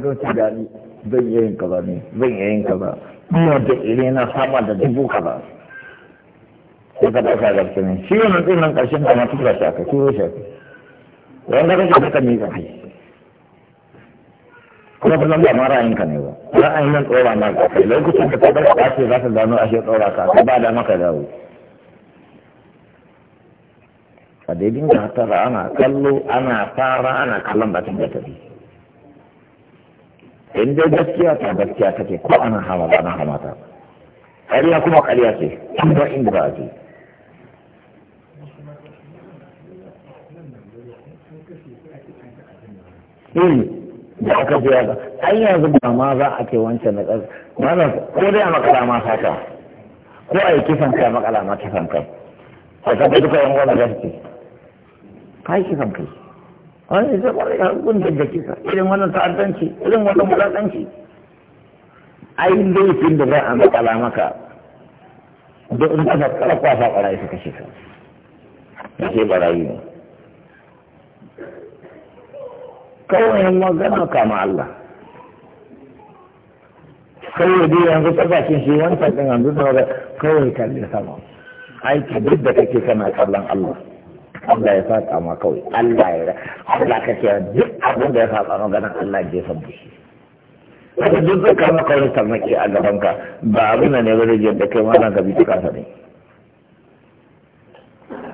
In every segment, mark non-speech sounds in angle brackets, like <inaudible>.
ga ce gani zan iya yin kaza ne zan iya yin kaza ina da ire na sama da dubu kaza sai ka ɗauka garki ne shi nan ƙarshen shi kake kuma ba zan ma ra'ayin ka ne ba ra'ayin nan tsora ma kai lokacin da ka ɗauka za ka gano tsora ka ba da maka dawo a daidai ana kallo ana fara ana kallon batun da in dai gaskiya ta gaskiya take ko ana hama ba na hama ta ƙarya kuma ƙarya ce tun ba inda ba a ce eh, da aka biya ba An yanzu ba ma za a ce wancan da ƙasa malam ko dai a makala ma sata ko a yi kisan kai makala ma kisan kai a kan duka yan gwamnati kai kisan kai wani zai kwarai har gundun da sa irin wannan ta'addanci irin wannan mulaɗanci ai laifin da za a makala maka duk in kafa karfa fa ɓarayi suka shi ka kashe ɓarayi ne kawai magana kama Allah kawai dai yanzu tabbacin shi wani ɗin yanzu da kawai kalli sama aiki duk da kake kana kallon Allah Allah ya saka ma kawai Allah ya Allah ka ce duk abin da ya saka ma ganin Allah ya san bushi wanda duk zai kama kawai tarnaki a gaban ka ba abin ne ba zai da kai ma gabi ka bi ta kasa ne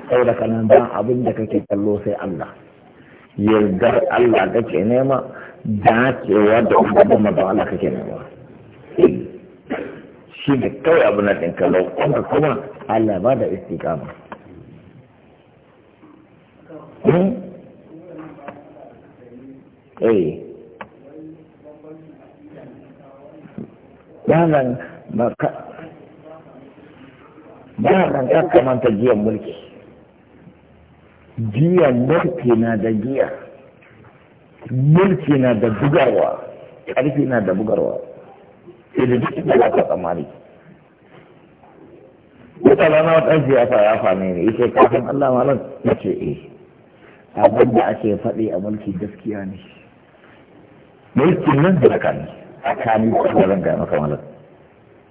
da kana ba abin da kake kallo sai Allah yardar Allah kake nema dacewa da ubangiji ba Allah kake nema shi da kawai abin da ɗin kallo kuma Allah ba da istiqama Hmm? eh bayan bayan manta giyan mulki giyan mulki na da giya mulki na da bugarwa ƙarfi na da bugarwa sai da duk da ka tsamari wata rana wata siyasa ya fame ne ita kafin Allah malam na ce eh abin da ake faɗi a mulki gaskiya ne mulkin nan da kan tsakanin da zan gaya maka malam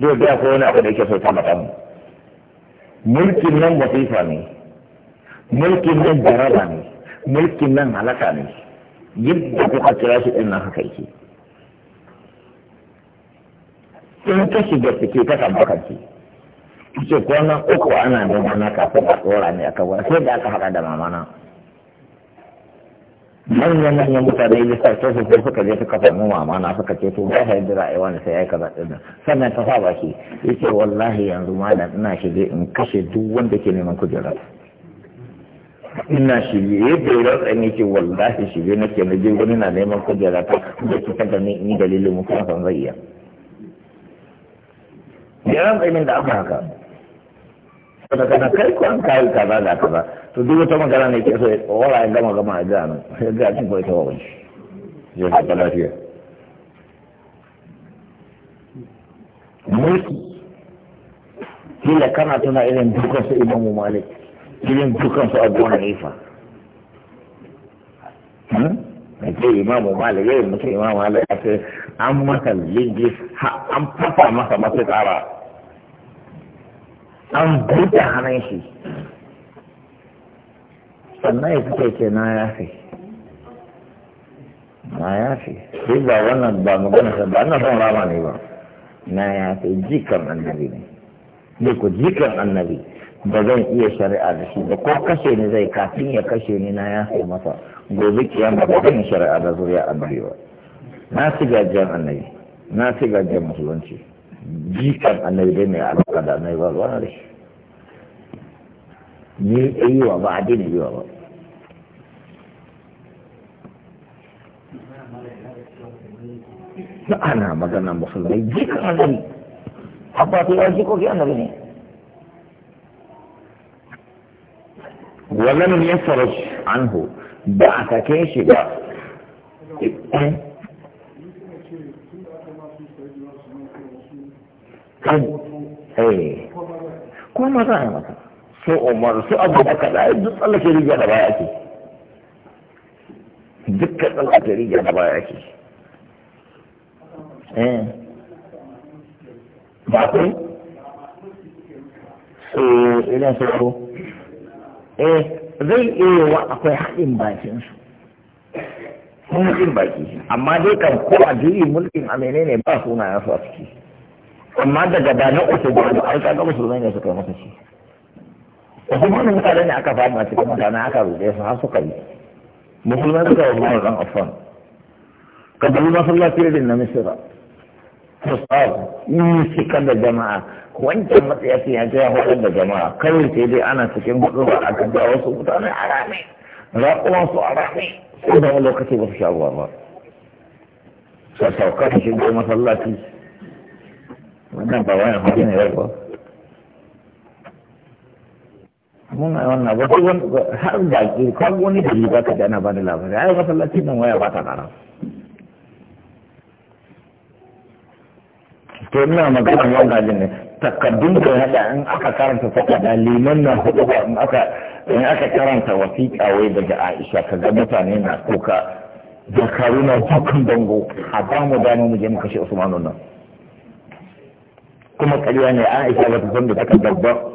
zai ga ko wani abu da yake so ta maka mulkin nan wasifa ne mulkin nan jaraba ne mulkin nan halaka ne yadda kuka kira shi ɗin nan haka yake in ka shiga ciki ka kan bakanci ce kwanan uku ana da mana kafin a tsora ne a kawai sai da aka haɗa da mamana. manyan manyan mutane ne sa ta sai suka je suka samu mama na suka ce to ba sai da ra'ayi ne sai ai kaza din sannan ta sa baki yace wallahi yanzu malam ina shige in kashe duk wanda ke neman kujera ina shige da ya rantsan yake wallahi shige nake na je wani na neman kujera ta da ke kada in ni dalilin mu kuma san zai iya ya rantsan da aka haka daga kai ko an kai kaza da kaza to duk wata magana ne ke so ya tsawara ya gama gama a gano ya ga cin kawai tawa wani ya ga lafiya mulki kila kana tuna irin su imamu malik irin su abu nifa hmm? a ce imamu malik yayin mutum imamu malik ya ce an masa lingi an fafa masa masu tsara an buɗe hannun shi sannan ya fita ce na yafe na yafe duk ba wannan ba gana ba ana son rama ne ba na yafe jikan annabi ne ne ku jikan annabi ba zan iya shari'a da shi ba ko kashe ni zai kafin ya kashe ni na yafe masa gobe kiyama ba zan shari'a da zuriya annabi ba na fi gajiyar annabi na fi gajiyar musulunci jikan annabi dai mai alaƙa da annabi ba zuwa na da shi ni ne yi wa ba addini yi wa ba na ana magana musulmai jikin annabi abba ta yawa jikoki annabi ne wannan ya fara anhu ba a sake shi ba eh? kan eh. ko maza ya masa su umar su abu da kaza duk tsallake riga da baya ake dukkan tsallake riga da baya ake eh. ba ku su eh, ina su ko eh zai iya wa akwai haɗin bakin su sun haɗin baki amma dai kan ko a jiri mulkin a menene ba suna su a ciki amma daga da na uku ba da aika ga musulmai ne suka yi masa shi kuma wani mutane ne aka faɗi a cikin mutane aka ruɗe su har suka yi musulmai suka yi wani ran afan ka dubi masallaci irin na misira fasal yi cikin da jama'a wancan matsayacin ya ce ya horar da jama'a kawai sai dai ana cikin hudu ba a kan wasu mutane a rami, raƙuwan su a rami. sai da wani lokaci ba su sha ruwa ba sa sauka shi shigo masallaci wannan ba wani hajji ne ba mun a wannan ba duk wani har da ke kan wani da ba ka ana bani labari ai masallaci nan waya ba ta kara to ina magana wanda jin ne takaddun da hada in aka karanta da liman nan hudu ba in aka in aka karanta wasiƙa wai daga Aisha kaga mutane na kuka zakaru na dukkan dango a ba mu da mu je mu kashe Usmanu nan kuma kariya ne Aisha ba ta san da takardar ba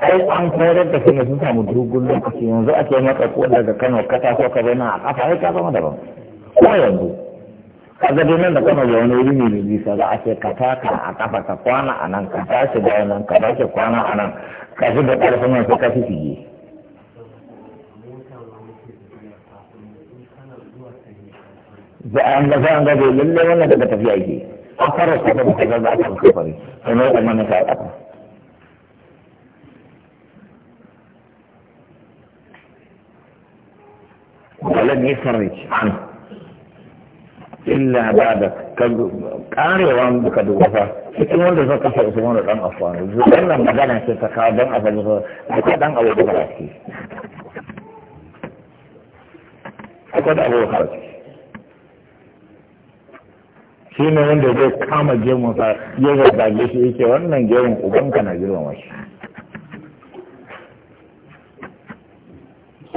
ai an koyar da kai sun samu dogon lokaci yanzu ake maka ko daga Kano ka taso ka zauna a kafa ai ka zama daban ko yanzu kaga dai nan da Kano ya wani wuri ne mai bisa za a ce ka taka a kafa ka kwana a nan ka tashi da nan ka tashi kwana a nan ka shi da ƙarfin nan sai ka fi fiye. da an ga za an ga lallai wannan daga tafiya ke a fara kafa da ta zaba a kan kafa ne kuma ya tsammanin ka a kafa. ولن يفرج عنه illa ba da karewa بكد وفا wasa cikin wanda في أسوان الآن أفوان dan afwan zuwan nan magana ce ta kawo dan afwan ko akwai dan shi ne wanda zai kama gemunsa sa da zage shi yake wannan gemun ubanka na girmama shi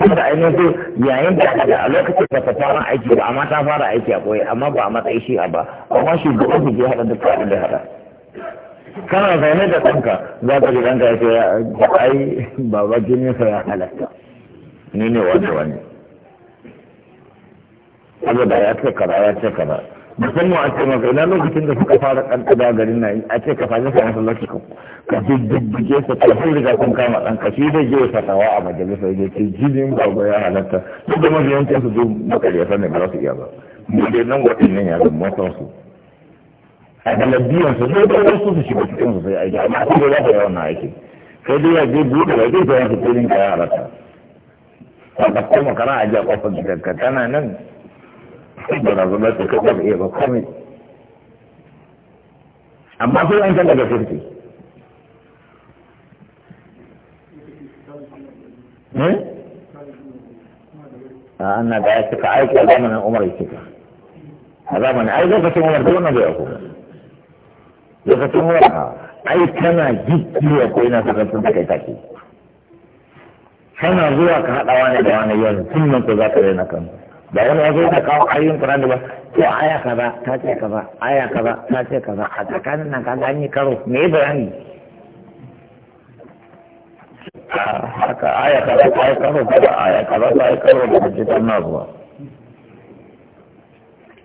kuma da ainihin so yayin da a lokacin da ta fara aiki ba amma ta fara aiki a koyi amma ba a matsayi shi a ba amma shugaban su je haɗa duk faɗin da haɗa kana zaune da ɗanka za ka ji ɗanka ya ce ai baba jini sa ya halatta ni ne wani wani saboda ya ce kaza ya ce kaza musamman a ce maka ina lokacin da suka fara kankada garin na a ce ka fara sa masallaci ko ka fi diddige sa ka fi riga sun kama ɗan ka fi da jiya fatawa a majalisar da ke ba ba ya halatta duk da mafi yankin su zo makariyata ne ba za su iya ba mu dai nan waɗannan ya zama su a galabiyar su zai bai wasu su shiga cikin su sai aiki amma a cikin wasu yawan na aiki sai dai ya je buɗe ba zai ta wasu filin ka ya halatta A ɗauko makara a jiya ƙofar gidanka tana nan barazana ce kai iya ba amma sai an daga hmm? a ana da ya cika aiki a zamanin umar ya cika a zamanin ai lokacin umar da wannan bai ya lokacin umar a ai tana gidiya ko yana sakar sun da take kana zuwa ka haɗa wani da wani yanzu tun nan ko za ka daina kanka da wani ya zo da kawo ayoyin Qur'ani ba to aya kaza ta ce kaza aya kaza ta ce kaza a tsakanin nan kaga an yi karo me bayani haka aya kaza ta yi karo kaza aya kaza ta yi karo da kaji ta na zuwa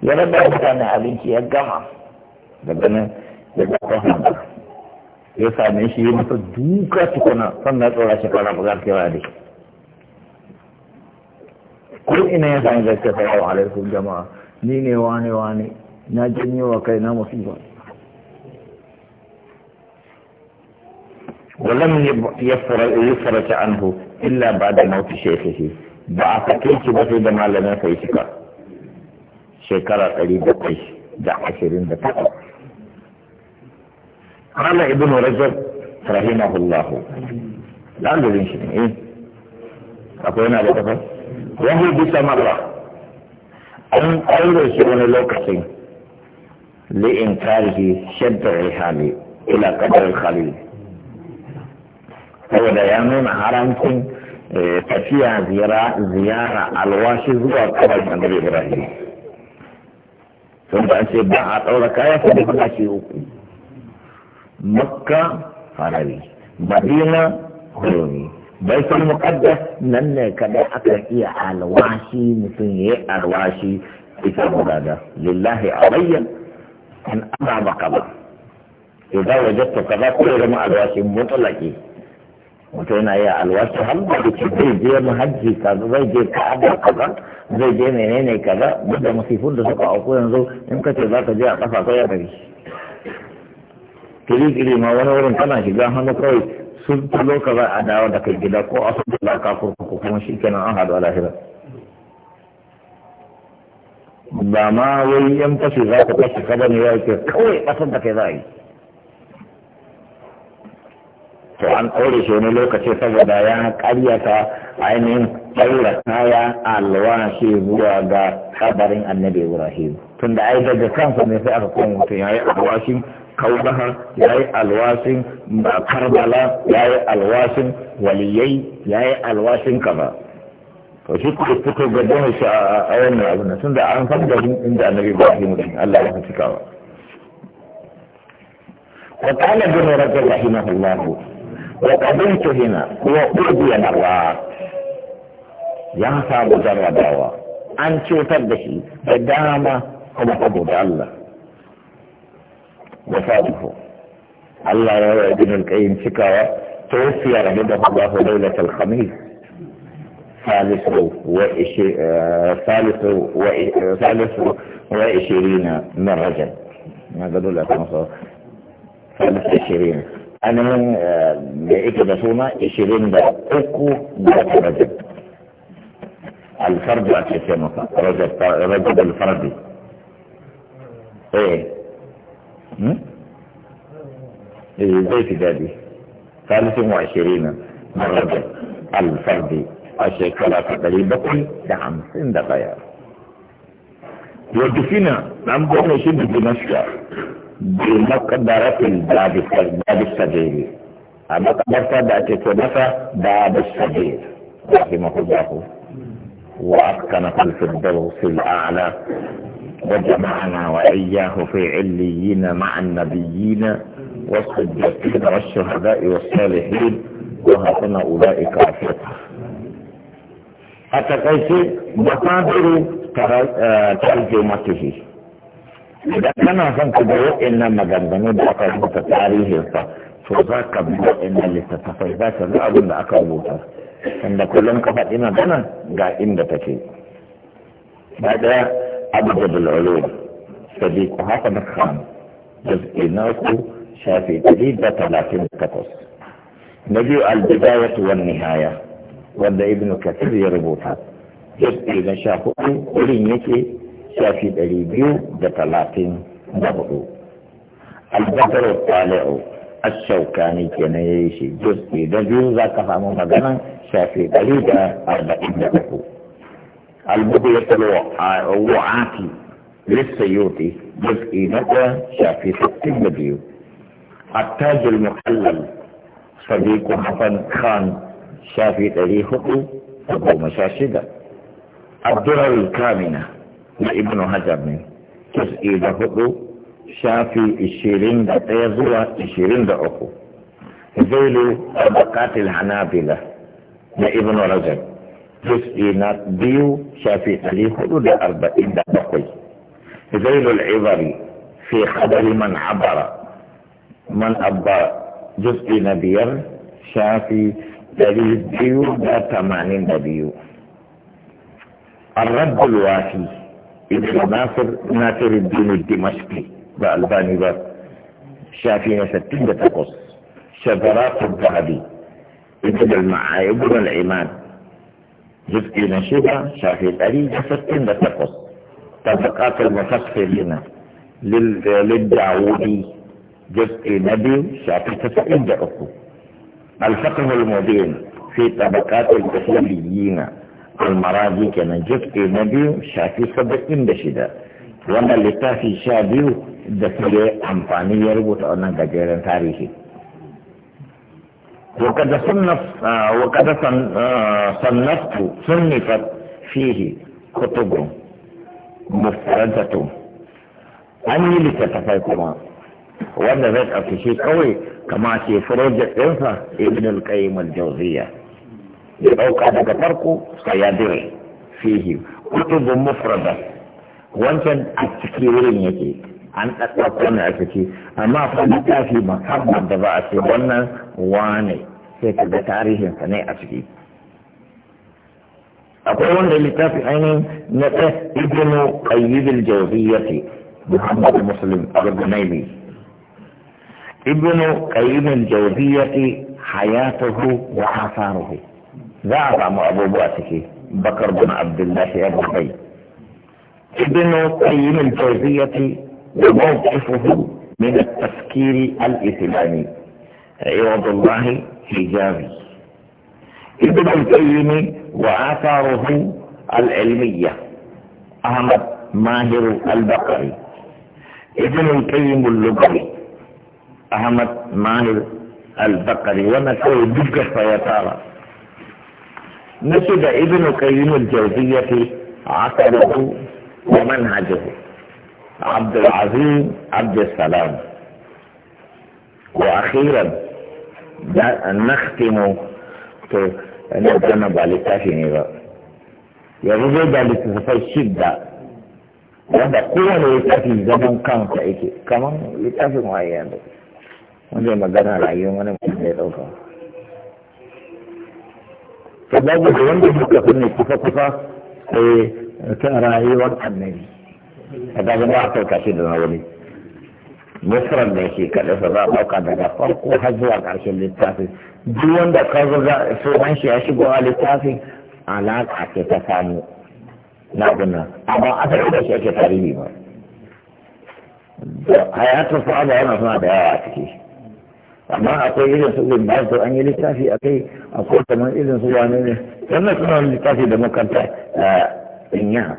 ya rabba mutane abinci ya gama da nan ya ga ya same shi ya masa duka tukuna sannan tsora shi kwana ba za ta dai ko ina ya sami gaske ta yau alaikun jama'a ni ne wane wane na janye wa kai na musiba walam yafara yi farace anhu illa ba da mauti shekhe ba a kai ki ba da malamin kai shika shekara ɗari da da ashirin da taɓa قال ابن رجب رحمه الله لا أدري شنو إيه أقول yana da تفهم wahi bisa mara an ƙaure shi wani lokacin li'in tarihi shaddar rihali ila ƙadar khalil saboda ya nuna haramcin eh, tafiya ziyara alwashi zuwa kabarin annabi ibrahim sun da ce ba a ɗaura kaya sai da uku makka farari madina hurumi baitul muqaddas nan ne kada aka iya alwashi mutum ya yi alwashi ita gudada lillahi alayya an azaba ba idan wajadta kaza ko zama alwashi mutlaqi mutum yana yi alwashi har da dake zai je mahajji kaza zai je ka'aba kaza zai je menene kaza duk da masifun da suka auku yanzu in ka ce za ka je a kafa ko ya kiri kiri ma wani wurin kana shiga hannu kawai sun tulo ka za a dawo da kai gida ko a sun tula ka kurkuku kuma shi kenan an hadu a lahira ba ma wai yan fashi za ka fashi ka bane ya ke kawai ɓasar da kai za a yi to an ɗaure shi wani lokaci saboda ya karyata ainihin tsaura kaya alwashi zuwa ga kabarin annabi ibrahim tunda ai daga kansa ne sai aka koma mutum ya yi alwashin kaubaha ya yi alwasin karbala ya yi alwasin waliyai ya yi alwasin kaza to shi ku fito ga jihar shi a wannan abin tun da an san garin inda annabi ibrahim din Allah ya fi cikawa وقال ابن رجل رحمه الله وقدمت هنا وأوذي مرات يا صاحب جرباوة أن تشوف الدشي قدامه kuma saboda Allah وفاته الله يا ابن القيم شكاوى توفي رحمه الله ليلة الخميس ثالث وإش... ثالث وعشرين من رجل ما قالوا لك ثالث عشرين أنا من آه، بإيك دسونا عشرين بأكو أكو رجل الفرد أكسي رجل الفردي ايه إيه، زي تجادي ثالث وعشرين من رجب الفرد الشيكلة تقريبا دعم عند غير يوجفين نعم بطن شد دمشق بمقدرة الباب الباب أما المقدرة بأتي كنفة باب السجير رحمه الله وأتقنه في الفردوس الأعلى وجمعنا وإياه في عليين مع النبيين والصديقين والشهداء والصالحين وهاتنا أولئك أفتح حتى قلت مقابل ترجمته إذا كان عشان تدعو إن ما جنبني بأقرب تتعريه فذاك بما إن اللي تتفق ذاك الأرض إن أقربوها عند كل انقبض إن دنا قائم دتكي بعد أبجد العلوم صديق هذا الخام جزء ناكو شافي تريد ثلاثين كتوس نجي البداية والنهاية وده ابن كثير يربطها جزء نشاكو ولين يكي شافي تريد ثلاثين نبعو البدر الطالع الشوكاني كان يشي جزء نجي ذاك فامو مغنى شافي تريد أربعين نبعو البغية الوعاة آه، للسيوط جزء ندى شافي ستين بيو التاج المحلل صديق حسن خان شافي تاريخه أبو مشاشدة الدرر الكامنة لابن هجر جزء لهدو شافي إشيرين دا تيزوى إشيرين دا أخو ذيل طبقات الحنابلة لابن رجب جزء نات ديو شافي علي حدود أربعين دقي ذيل العبر في خبر من عبر من أبا جزء نبير شافي دليل بيو دا تمانين ديو الرب الوافي ابن ناصر ناصر الدين الدمشقي بألباني بر شافي نستين دقص شبرات الذهبي ابن المعايب والعماد جزء من شبه شافي الأريج ستين لتقص طبقات لنا للدعودي جزء نبي شافي تسعين دعوه الفقه المبين في طبقات الكثيريين المراجي كان جزء نبي شافي سبعين بشدة وانا لتافي شابيو دفلي عمفاني يربط أنا بجيران تاريخي وقد صنف وقد صنفت صنفت فيه كتب مفردة an yi littattafai kuma wanda zai ɗauki shi kawai kama ce project ɗinsa ibn al-qayyim al-jawziya ya ɗauka daga farko sai ya dire fihi kutubun mufrada wancan a cikin wurin yake an ɗaɗɗauka wannan a ciki amma fa littafi musamman da ba a ce wannan wane sai ka ga tarihinsa ne a ciki akwai wanda littafi ainihin na ta ibnu qayyibul jawziyyati muhammad muslim al-gunaybi ibnu qayyibul jawziyyati hayatuhu wa atharuhu za a samu abubuwa ciki bakar bin abdullahi abu bai ibnu qayyibul ce وموقفه من التفكير الإسلامي عوض الله حجابي ابن القيم وآثاره العلمية أحمد ماهر البقري ابن القيم اللغوي أحمد ماهر البقري ونسوي يا فيتارى نشد ابن القيم الجوزية عصره ومنهجه عبد العظيم عبد السلام واخيرا نختم انا انا بالي تاشيني بقى يا رب ده اللي تفاي شدة وانا قوانا يتافي زمن كان كايكي كمان يتافي معين وانا ما قرنا العيوم انا مجمع روكا فلابد وانا مكتفني كفا كفا ايه تارا ايه وانا حميني a dajin ba a sauka shi da na wani musarar da shi kaɗa sa za a ɗauka daga farko har zuwa ƙarshen littafin duk wanda ka so sunan shi ya shigo a littafin alaƙa ce ta samu na gina amma asali da shi ake tarihi ba hayatun sa'ada yana suna da yawa a ciki amma akwai irin su zai ba su an yi littafi a kai akwai kamar irin su wane ne wannan suna littafi da makanta eh, in inya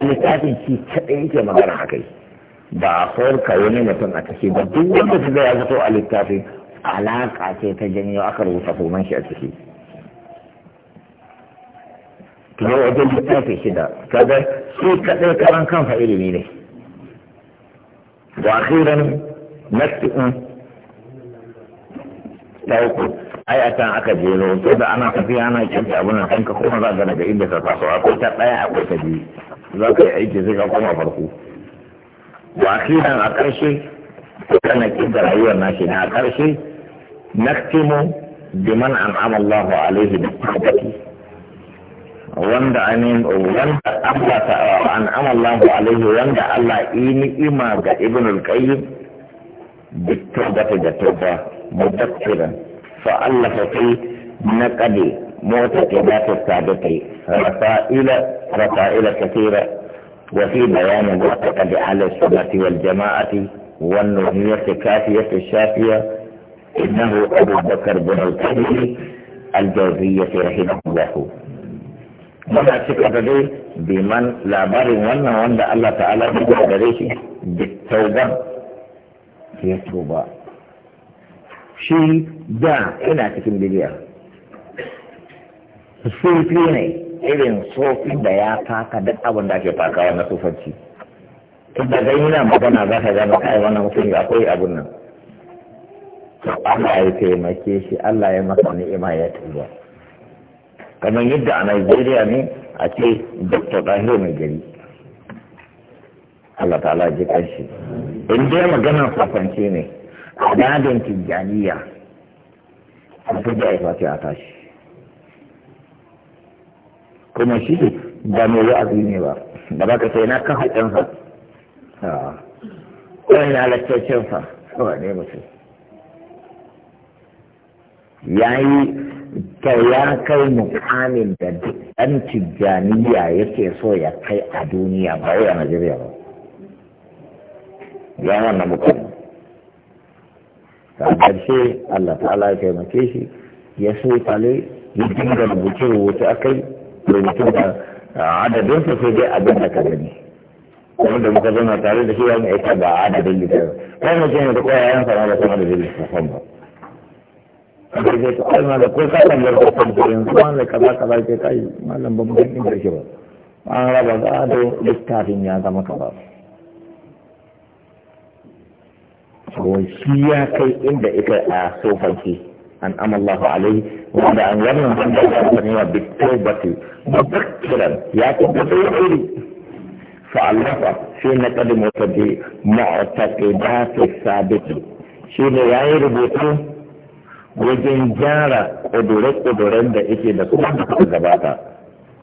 littafin shi kaɗai yake magana a kai ba a farka wani mutum a ciki ba duk wanda su ya fito a littafin alaƙa ce ta janyo aka rubuta sunan shi a ciki kuma wajen littafi shida kaga shi kaɗai karan kansa ilimi ne wa akhiran mm. ta uku ai a can aka jero to da ana tafiya ana kyanta abin da kanka kuma za ga daga inda ka faso akwai ta ɗaya akwai ta biyu za ka yi aiki sai ka koma farko wa akidan a ƙarshe kana da rayuwar nashi na a ƙarshe naktimu biman an'ama Allahu alaihi da tabbati wanda anin wanda Allah ta an'ama Allahu alaihi wanda Allah ini ima ga Ibn al-Qayyim bi tawbati da tawba mudakkiran fa Allah fa kai naqadi معتقدات السابقين رسائل رسائل كثيرة وفي بيان المعتقد على السنة والجماعة والنهية الكافية الشافية إنه أبو بكر بن الكريم الجوزية رحمه الله وما أعتقد لي بمن لا بار ون ون الله تعالى بجد ليش بالتوبة يتوبة شيء دا إلى تكمل اليوم sufi ne irin sofin da ya taka duk abin da ake takawa na sufanci da dai yana magana za ka gama kai wannan mutum ya koyi abin nan to Allah ya taimake shi Allah ya masa ni'ima ya tuba kamar yadda a Najeriya ne a ce Dr. Dahir mai gari Allah ta'ala ji kanshi in dai magana sufanci ne a dadin tijjaniya a fi da ya a tashi kuma shi ba mai wa'azi ne ba da ba ka sai na kan haƙƙinsa kawai na lakcocinsa kawai ne mutum ya yi ta ya kai mukamin da ɗan tijjaniya yake so ya kai a duniya ba wai a Najeriya ba ya wannan mukamin ta ƙarshe Allah ta'ala ya taimake shi ya so tale ya dinga rubuce rubuce a kai rubutun da adadin su sai dai abin da ka gani kuma da muka zama tare da shi ya mai aika ba adadin littafin kai mutum da koyayen sa da kuma da san ba karfe ta ai malam ko ka kan yarda kan yin kuma da kaza kaza ke kai malam ban ban inda shi ba an raba da da littafin ya zama kaza ko shi ya kai inda ita a sofanci أنعم الله عليه وعلى أن يمنع عند الأمر بالتوبة مبكرا يأتي بغيره فعلق في نقد مرتدي معتقدات الثابت شيل يعير بوتو وجن جارة قدرة قدرة da ike da kuma da suka gabata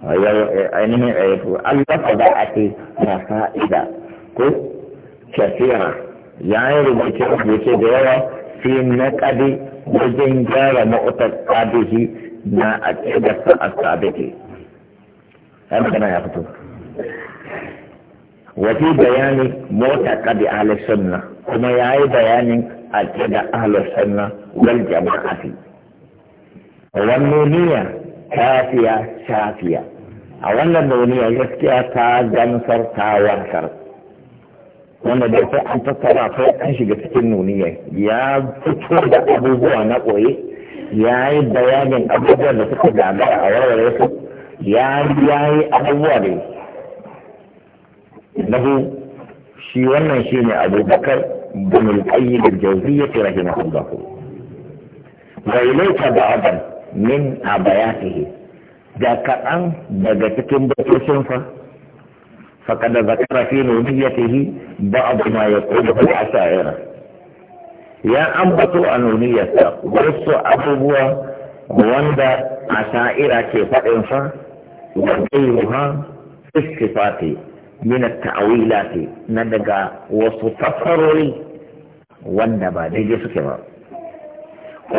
الله Allah ka za a ce na fa'ida ko shafira ya wajen gyara ma'utar ƙadihi na a ƙidarsa a ƙadihi Ya kana ya fito wajen bayani mota a ahalar sunna kuma ya yi bayanin a ƙida ahalar sunna wal jama'ati wannan niyya kafiya shafiya a wannan nuniya gaskiya ta gamsar ta wankar wanda da sai an tattara sai an shiga cikin nuniya ya fito da abubuwa na koye ya yi bayanin abubuwan da suka gagara a warware su ya yi abubuwa da lahu shi wannan shi ne abubakar bin al-qayyim al-jawziyya rahimahullah wa ilayka abin min a abayatihi da kaɗan daga cikin bakocinsa فقد ذكر في نونيته بعض ما يقوله الأشاعرة يا أنبتوا عن نونيته وصوا أبوه وندى أشاعرة كيف إنفا وغيرها في الصفات من التأويلات ندقى وصفروري والنبى دي جسكما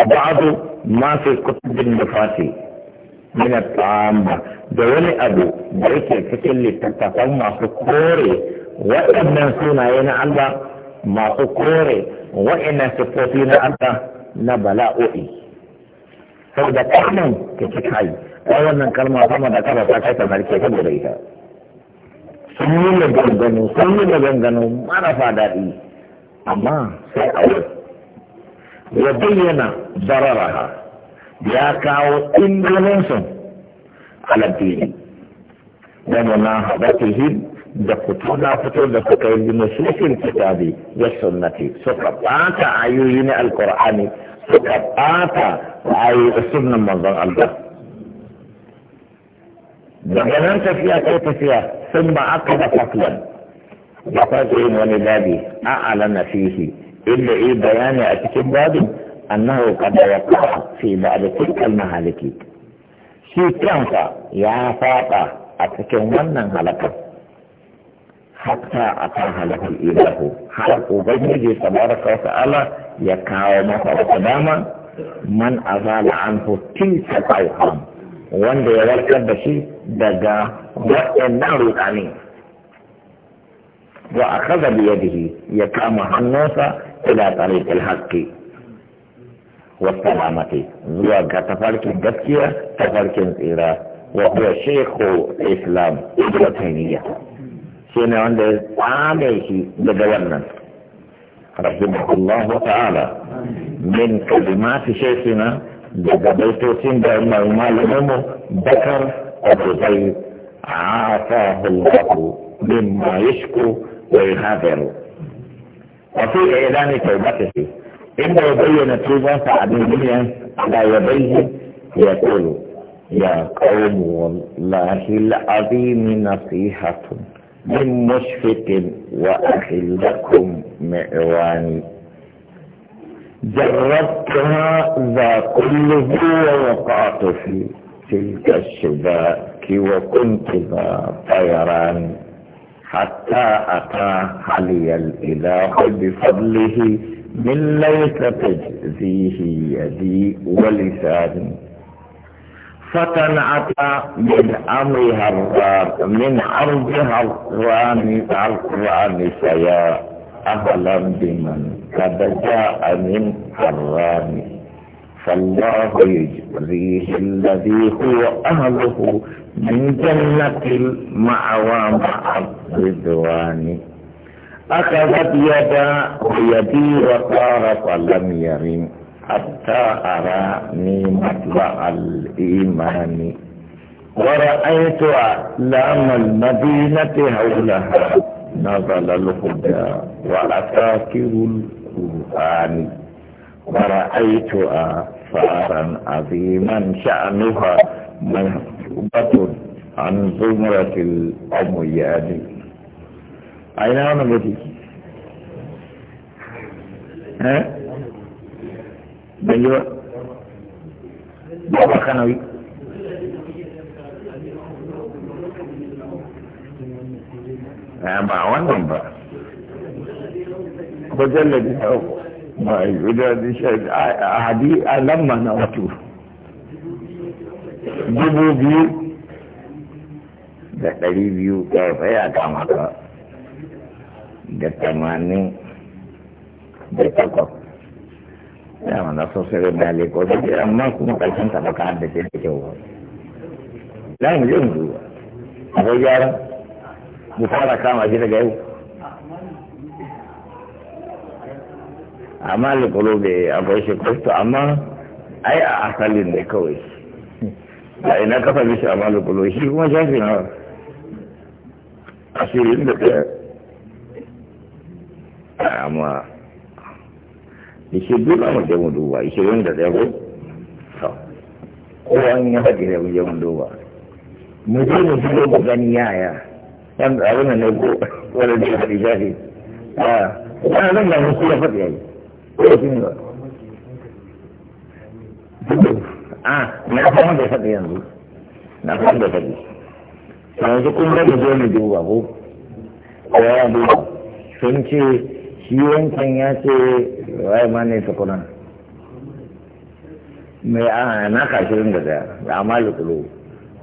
وبعض ما في كتب النفاتي min taamma da wani abu da yake cikin littattafan masu kore waɗannan sunaye na Allah masu kore waɗannan siffofi na Allah na bala'o'i da kalman ke ci kai wannan kalma sama da kaba ta kai kamar ke saboda ita sun yi maganganu sun yi daɗi amma sai a wuri ya bayyana ya kawo ɗingulinsu aladdini da munahabatihim da fito na fito da suka yi musulfin kitabi ya sunnati suka ɓata ayoyi na alkur'ani suka ɓata ayoyi sunnan manzon Allah daga nan tafiya kai tafiya sun ba aka da fatwan da farko yin wani babi a alana fihi inda yi bayani a cikin babin annahu qad yaqa fi ba'd tilka mahaliki shi kansa ya fada a cikin wannan halakar hatta a kan halakar ilahu har ubangiji tabaraka wa ta'ala ya kawo masa wata dama man azala anhu tilka qayham wanda ya warkar da shi daga waɗannan a wa akhadha bi yadihi ya kama hannunsa ila tariqil haqqi والسلامة زواج تفارك الجسكية تفارك الإيرا وهو شيخ الإسلام ابن سينا عند عليه بدورنا رحمه الله تعالى من كلمات شيخنا بيتو سند المعلوم بكر أبو زيد عافاه الله مما يشكو ويهاجر وفي إعلان توبته إذا يبين في ذات عدمية لا يبين يقول يا قوم والله العظيم نصيحة من مشفق وأخل لكم معواني جربتها ذا كله ووقعت في تلك الشباك وكنت ذا طيران حتى أتى علي الإله بفضله من ليس تجزيه يدي ولساني فتنعت من امرها الرام من عرضها الرام القران فيا اهلا بمن قد جاء من حراني فالله يجزيه الذي هو اهله من جنه المأوى مع الرضوان أخذت يدا يدي وطارت ولم يرم حتى أراني مطلع الإيمان ورأيت أعلام المدينة حولها نزل الهدى وأساكر القرآن ورأيت آثارا عظيما شأنها محبوبة عن زمرة الأميان a ina wannan gaji eh ban yi ba ba ba kanawi eh, ba wannan ba mujalladi na uku ba a yi a hadi a lamma na wato dubu biyu da ɗari biyu ya eh, faya kama ka da tamanin da takwas ya mana so sai na leko da ke amma kuma karshen ta baka da ke da kyau za mu je mu ko akwai mu fara kama shi daga yau amma lekolo da akwai shi kwasto amma ai a asalin ne kawai da ina kafa mishi amma lekolo shi kuma shafi na asirin da ke. amma ishe dole mu je mu duba ishirin da ɗaya ko kowa in ya faɗi da mu duba mu je mu duba mu gani yaya yan da abin da ne ko wanda ne faɗi ta a wani zan da musu ya faɗi yayi ko shi ne ba a ah, na san da faɗi yanzu na san da faɗi yanzu kun ga mu je duba ko kowa duba sun ce shi wancan ya ce wai ma ne tukunan mai a ah, na kashi da daya da amali kulu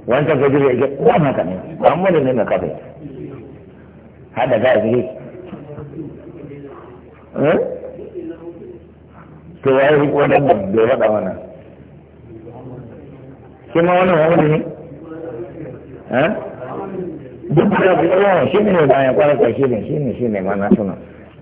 wancan ko jirya ake kowa haka ne an mulin ne na kafe hada ga ake eh? to wai shi kodan da bai faɗa wannan shi ma wannan wani ne eh? duk da yawan oh, shi ne bayan kwanaka shi ne shi ne shi ne ma na sunan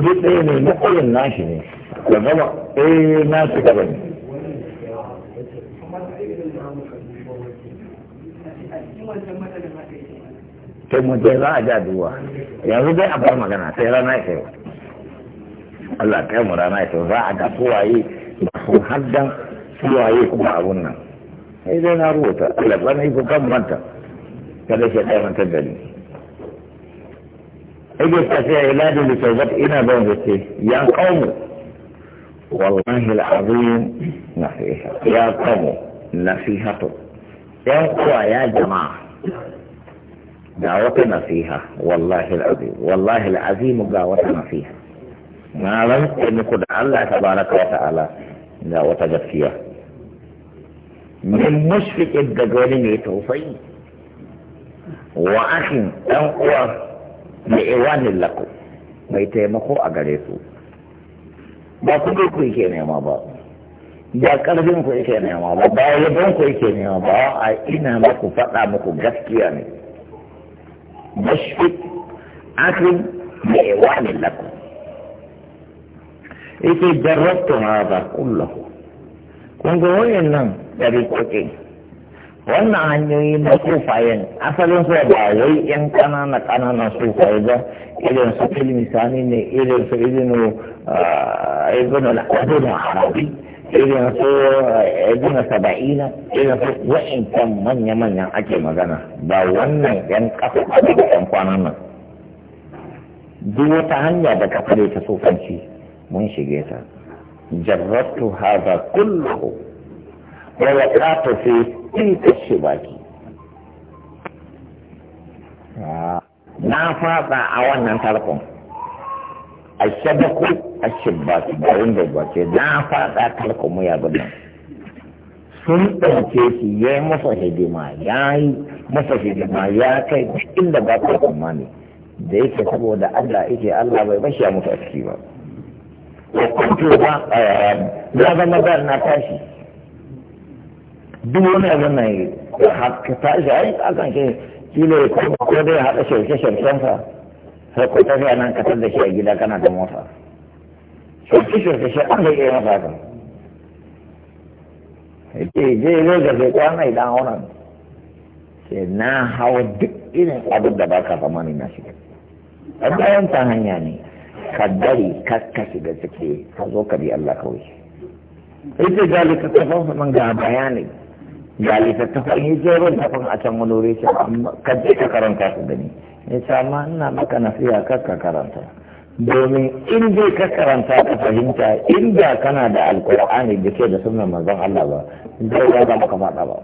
duk ɗaya ne na koyon nashi ne eh na su gaba ne sai mu je za a ja duwa yanzu dai a bar magana sai rana ya kai Allah kai mu rana ya kai za a ga suwaye ba su haddan suwaye kuma abun nan sai dai na rubuta Allah ba na yi kada shi ɗaya mantar da ni اجي في علاج لتوبات انا بوضتي يا قوم والله العظيم نفيها يا قوم نفيها يا قوة يا جماعة دعوتنا فيها والله العظيم والله العظيم دعوتنا فيها ما لم يكن الله تبارك وتعالى دعوة فيها من مشفق الدجولين توفي وأخي أنقوى mai iwanin lako mai taimako a gare su ba ku ku yake nema ba ba karfin ku yake nema ba ba yabon ku yake nema ba a ina maku faɗa muku gaskiya ne mashfik akin mai iwanin lako yake jarrabtu hada kullahu kun ga nan ɗari kwakin wannan hanyoyi na sufayen asalin su ba wai yan kanana kanana sufaye ba irin su fil misani ne irin su ibnu ibn ah, al arabi irin su eh, ibn saba'ina irin su kan manya-manyan ake magana ba wannan yan kasa da yan kwanan duk wata hanya da kafa ta sufanci mun shige ta jarrabtu haza kulluhu ولقات in kashe baki na fada a wannan tarkon a shabaku a shibbaki ba wanda ba ce na fada tarkon mu ya gudun sun ɗauke shi ya yi masa hidima ya yi masa hidima ya kai da ba ta ne da yake saboda Allah yake Allah bai bashi ya mutu a ciki ba. Ya kwanto ba na zama na tashi. duk wani abin nan haka ta shi ai akan ke kila ko dai haɗa shirke sa sai ko ta a nan katar da shi a gida kana da mota shirke shirke shi an da iya masa haka ce je zai gaje kwana idan wannan ke na hawa duk irin abin da baka tsammani na shiga a bayan ta hanya ne ka dare ka ka shiga ciki ka zo ka bi Allah kawai. Ita zalika ta fasa man ga bayani ga ta yi jero da kun a can wani wuri ce ka je ka karanta su gani ya ce amma ina maka nasiha kar ka karanta domin in dai ka karanta ka fahimta da kana da alkur'ani da ke da sunan manzon Allah ba zai ya ga maka faɗa ba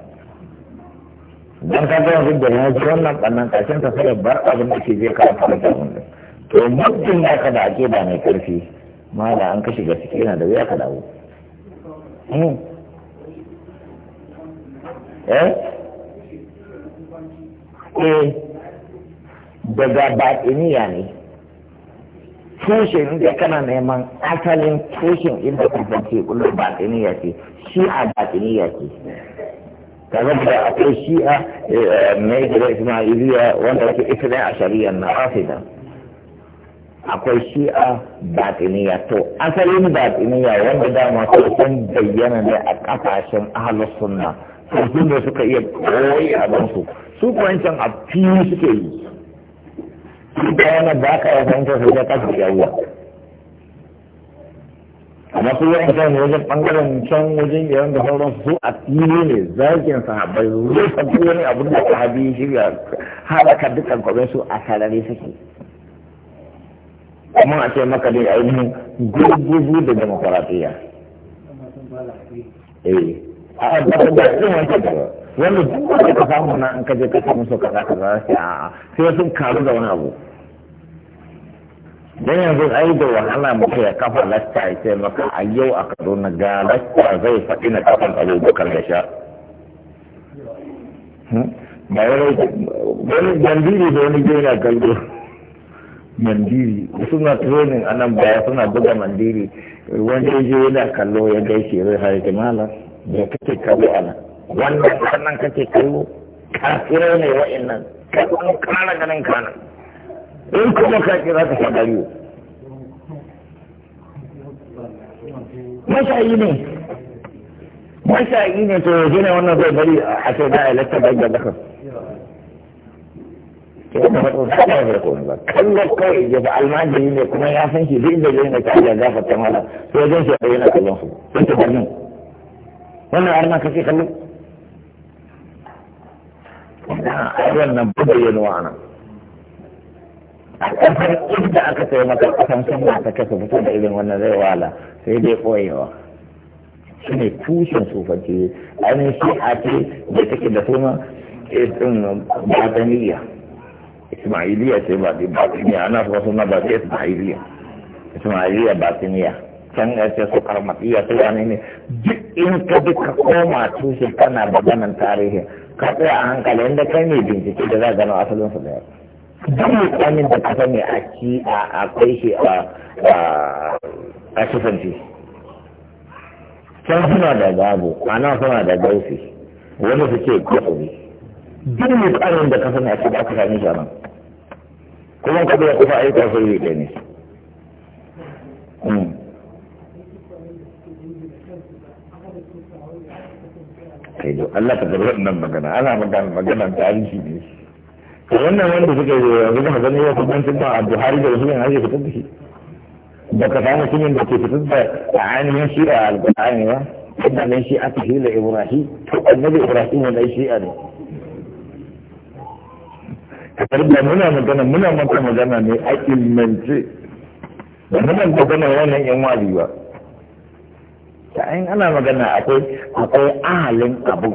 dan ka ga wani da ya ji wannan bannan san ta sai bar abin da ke je ka karanta wannan to mutum ya ka da ake da mai karfi mala an ka shiga yana da wuya ka dawo hmm. eh eh daga ya ne tushen da kana neman asalin tushen inda kasance kullum ya ce shi a ya ce zama da akwai shi a eh, mai gida ismailiya wanda ke isra a shari'ar na afirka akwai shi shi'a ya to asalin ya wanda dama kusan bayyana ne a kasashen ahalussunan sunna su ne suka iya koyi bansu su kwancin a fili suke yi su kayana ba ka yi fahimta su ya kasu yawuwa amma su yi kan wajen bangaren can wajen yawan da sauran su a fili ne zagin sahabbai zai tafi wani abin da sahabi shirya halaka dukkan kwamin su a sarari suke kuma a ce maka dai ainihin gurguzu da demokaratiyya. Eh. a ba da yin wanke gaba wanda duk wanda ka samu na an kaje ka samu so kaza kaza sai a sai sun karu da wani abu dan yanzu ai da wahala mutum ya kafa lasta ya ce maka a yau a Kaduna ga lasta zai faɗi na kafan Abubakar ya sha hmm? ba wani jandiri da wani gina kallo mandiri suna training anan baya suna buga mandiri wani je yana kallo ya gaishe zai harike malam da kake kawo a nan wannan wannan kake kallo kafirai ne wa'annan ka kuma kana ganin kana in kuma ka kira ka sadariyo mashayi ne mashayi ne to yanzu ne wannan zai bari a ce da ilasta bai da zakar kallon kawai ya fi almajiri ne kuma ya san shi duk da zai na kariya ta mala to wajen shi a bayyana kallon su sai ta barnin wannan a arna kake kallo wannan wa nan a ƙasar inda aka sai maka ƙasan sama ta kasa fito da irin wannan zai wala sai dai koyewa shi ne tushen sufanci ainihin shi a ce da take da suna isin eh, bataniya ismailiya ce ba batiniya ana suna suna ba ce ismailiya ismailiya bataniya can ya ce su karmatiya sai ya ne duk in ka duka koma tushe kana da ganin tarihi ka tsaya a hankali inda kai ne bincike da za gano asalin su da yau duk mutanen da kasa ne a ci a akwai shi a a sufanci can suna da gabo a nan suna da gausi wani su ce kwasobi duk mutanen da kasa ne a ci da aka sami shi a nan kuma kada ya kufa a sauyi yi ne. Hmm. kai don Allah ka zarra nan magana ana magana magana tarihi ne to wannan wanda suka yi yanzu ka gani ya kuma tun ba Buhari da Usman ake fitar da shi ba ka samu sunan da ke fitar da ainihin shi a alƙur'ani ba inda nan shi aka hila Ibrahim to annabi Ibrahim wanda shi a ne kamar da muna magana muna maka magana ne a ilmance ba muna magana wannan yan wari ba ta ayin ana magana akwai akwai ahalin abu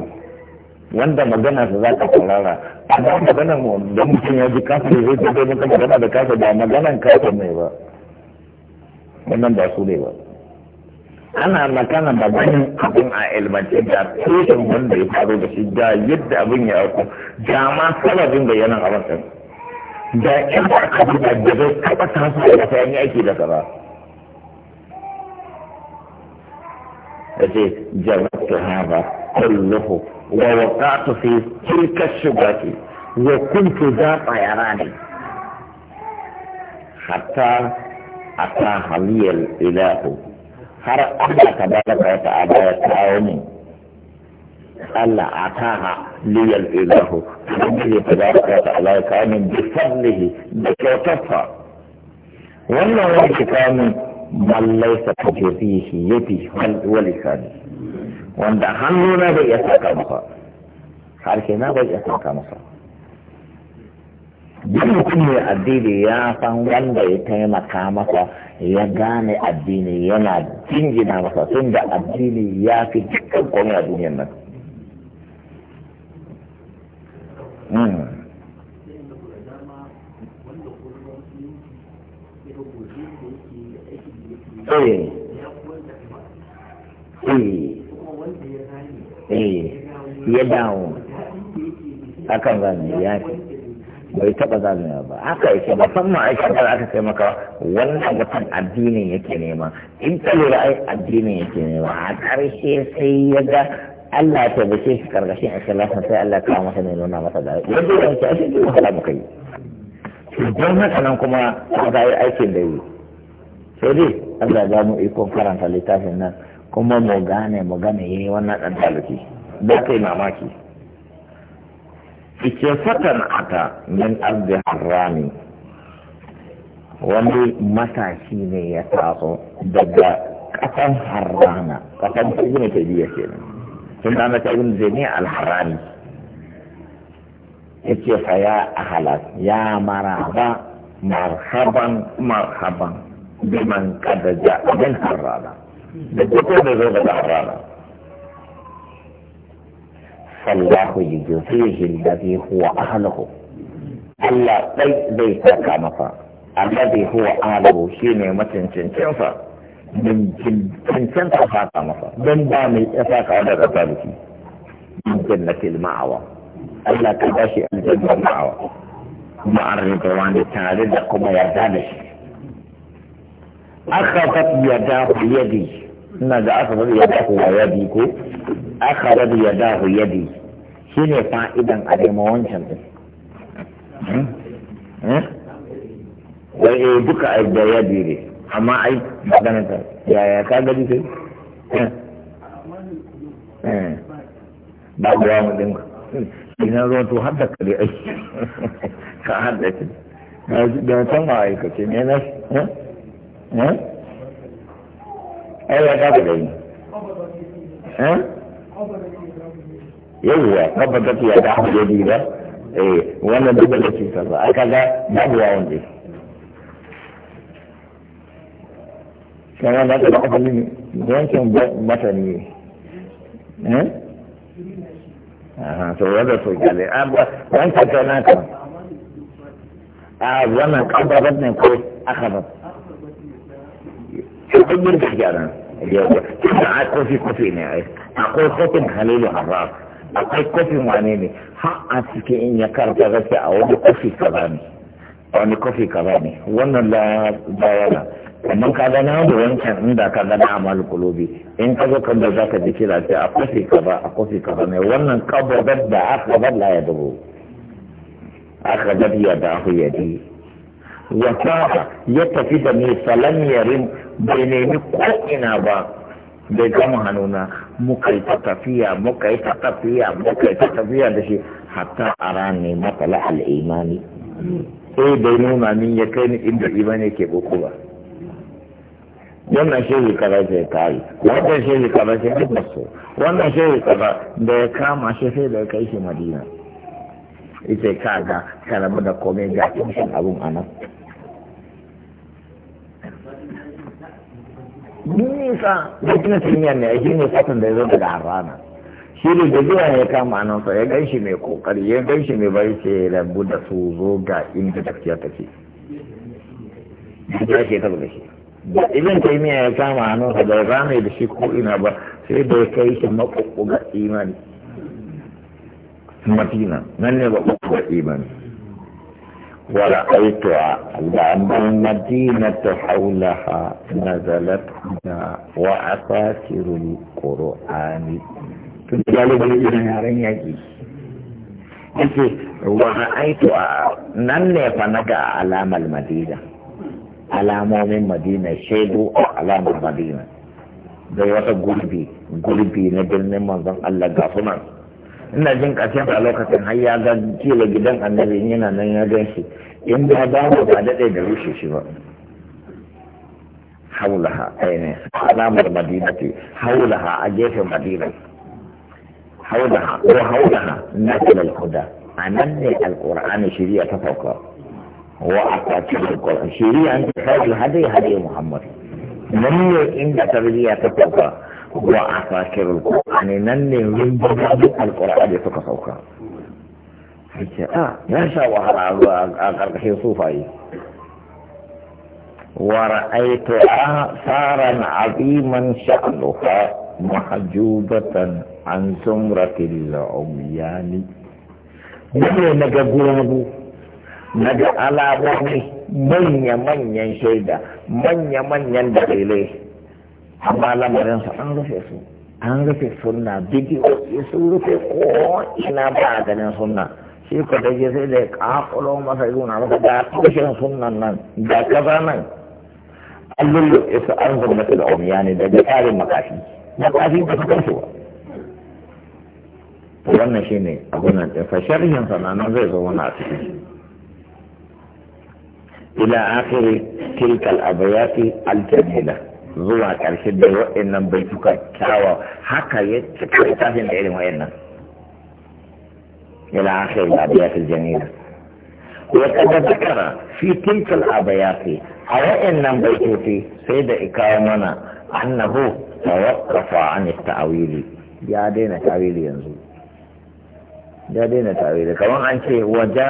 wanda magana su za ka saurara amma magana da mutum ya ji kafa da zai tafi maka magana da kasa ba maganan kasa mai ba wannan ba su ne ba ana magana da bayan abin a ilmance da tushen wanda ya faru da shi da yadda abin ya auku da ma sababin bayanan abin da in ba ka da zai taɓa tasu da kayan yaki da ba. تجي جربت هذا كله ووقعت في تلك الشبهة وكنت ذا طيران حتى أتاها لي الإله هل الله تبارك وتعالى يتعاوني ألا أتاها لي الإله ربي تبارك وتعالى يتعاوني بفضله بك وكفى والله كامل بل ليس كفيه يدي ولساني wanda hannuna bai iya saka masa harshe na bai iya saka masa duk mutum addini ya san wanda ya taimaka masa ya gane addini yana jingina masa tun da addini ya fi dukkan komai a duniyar nan Eh. Eh. Eh. ya dawo akan gane ya ce bai taɓa zalumewa ba haka yake musamman ai da aka sai maka wannan mutum addinin yake nema in ta lura ai addinin yake nema a ƙarshe sai ya ga Allah ta bace shi karkashin ikhlasin sai Allah ya kawo masa ne nuna masa da yadda ya ce a duk wahala mu kai don haka nan kuma ka yi aikin da yi sai dai Allah ba mu ikon karanta littafin nan kuma mu gane mu gane eh, yi wannan dan talibi ba kai mamaki ike fatan ata min arzi harrami wani matashi ne ya taso daga kafan harrana Kafan ibn tabiya ke nan sun dana ta ibn zaini al harami. yace fa ya ahalas ya maraba marhaban marhaban بمن قد جاء من حرانا بالدكتور بزوجة حرانا فالله يجزيه الذي هو أهله ألا بيت كامفا الذي هو أهله شيء متن تنتنفا من تنتنفا فاقا مفا من دامي إفاقا على رسالتي من جنة المعوى ألا كباشي الجنة المعوى مع الرضوان تعالى لكم يردانش akhafat yadahu yadi ina da aka akhafat yadahu wa yadi ko akhafat yadahu yadi shine fa'idan a nema wancan din wai duka a da yadi ne amma ai magana ta yaya ka gani sai ba da mu din ina ruwan to hadda kare ai ka hadda shi da san ma'aikace ne na ها ايه قبض قبض ها قبض ايه قبض في ادعه جديدة ايه وانا بيبقى في سرى اكذا بابو عندي كان انا اكذا بابو عندي دون كان بطني ها اها سوى هذا سوى كالي ابو آه، وانت كان اكذا اه وانا قبضتني كوي اخذت an yi da gyaran yau a kofi ai akwai halilu haram akwai kofin wane ne har a cikin in ya a wani kofi kaza a kofi kaza ne wannan amma ka ga na da wancan inda ka ga na kulubi in ka zo da za ji kira sai a kofi kaza a kofi kaza ne wannan kababar da aka bar la ya dubo aka bar da ya yadi. wa tafa ya tafi da mai ya rin bai nemi ko ina ba bai gama hannuna muka yi ta tafiya muka yi ta tafiya muka yi ta tafiya da shi hatta a rane matsala al'imani sai eh, bai nuna min ya kai ni inda imani ke boko ba wannan shehi kaza sai ta yi wannan shehi kaza sai ta basu wannan shehi kaza da ya kama shi sai da ya kai shi madina ita ka ga karamu da komai ga tushen abin a nan nisa da gina tunyar ne shi ne fatan da ya zo daga harana shi ne da zuwa ya kama nan sa ya ganshi mai kokari ya ganshi mai bari ce rabu da su zo ga inda tafiya take ya ce ta da shi da ibn miya ya kama hannun sa da rame da shi ko ina ba sai da ya kai shi makokko ga imani matina nan ne ba kokko ga imani ورأيتها لأن المدينة حولها نزلت هنا وأساكر القرآن yake wara'aitu a nan ne fa na ga alamar madina alamomin madina shaidu a alamar madina da wata gurbi gurbi na birnin manzon Allah ga sunan ina jin ƙarshen a lokacin har ya ga kila gidan annabi yana nan ya gan shi in ba mu ba daɗe da rushe shi ba haulaha aine alamar ce haulaha a gefen madina haulaha ko haulaha na kilal kuda a nan ne alƙur'ani shiriya ta fauka wa a kwacin alƙur'ani shiriya ta sauka hadai hadai muhammad nan ne inda tarbiyya ta fauka wa a fakirul ƙwa'ani nan ne rundunar alƙur'ani suka sauka ce a ah, ya sha wahala a ƙarƙashin sufaye wa ra'aitu a saran aziman sha'anuka mahajubatan an zumratil umyani ne na ga gurabu na ga alamomi manya-manyan shaida manya-manyan dalilai amma lamarin sa an rufe su an rufe sunna bidiyoyi sun rufe ko ina ba a ganin sunna shi ko da ke sai da ya kakulo masa yuna masa da tushen sunnan nan da kaza nan an lulluɓe su an zurmata da umiya ne daga tsarin makafi makafi ba su kansu ba wannan shi ne abunan ɗin fa sharhin sananan zai zo wani a cikin ila akhiri tilkal abayati al-jamila zuwa ƙarshe da waɗannan bai tuka kyawa haka ya cika littafin da irin waɗannan ila akhir al-abiyat al-jamila wa qad dhakara fi tilka al-abiyat a waɗannan baitoci sai da ikawo mana annahu tawaqqafa an at-ta'wili ya daina tawili yanzu ya daina tawili kamar an ce waja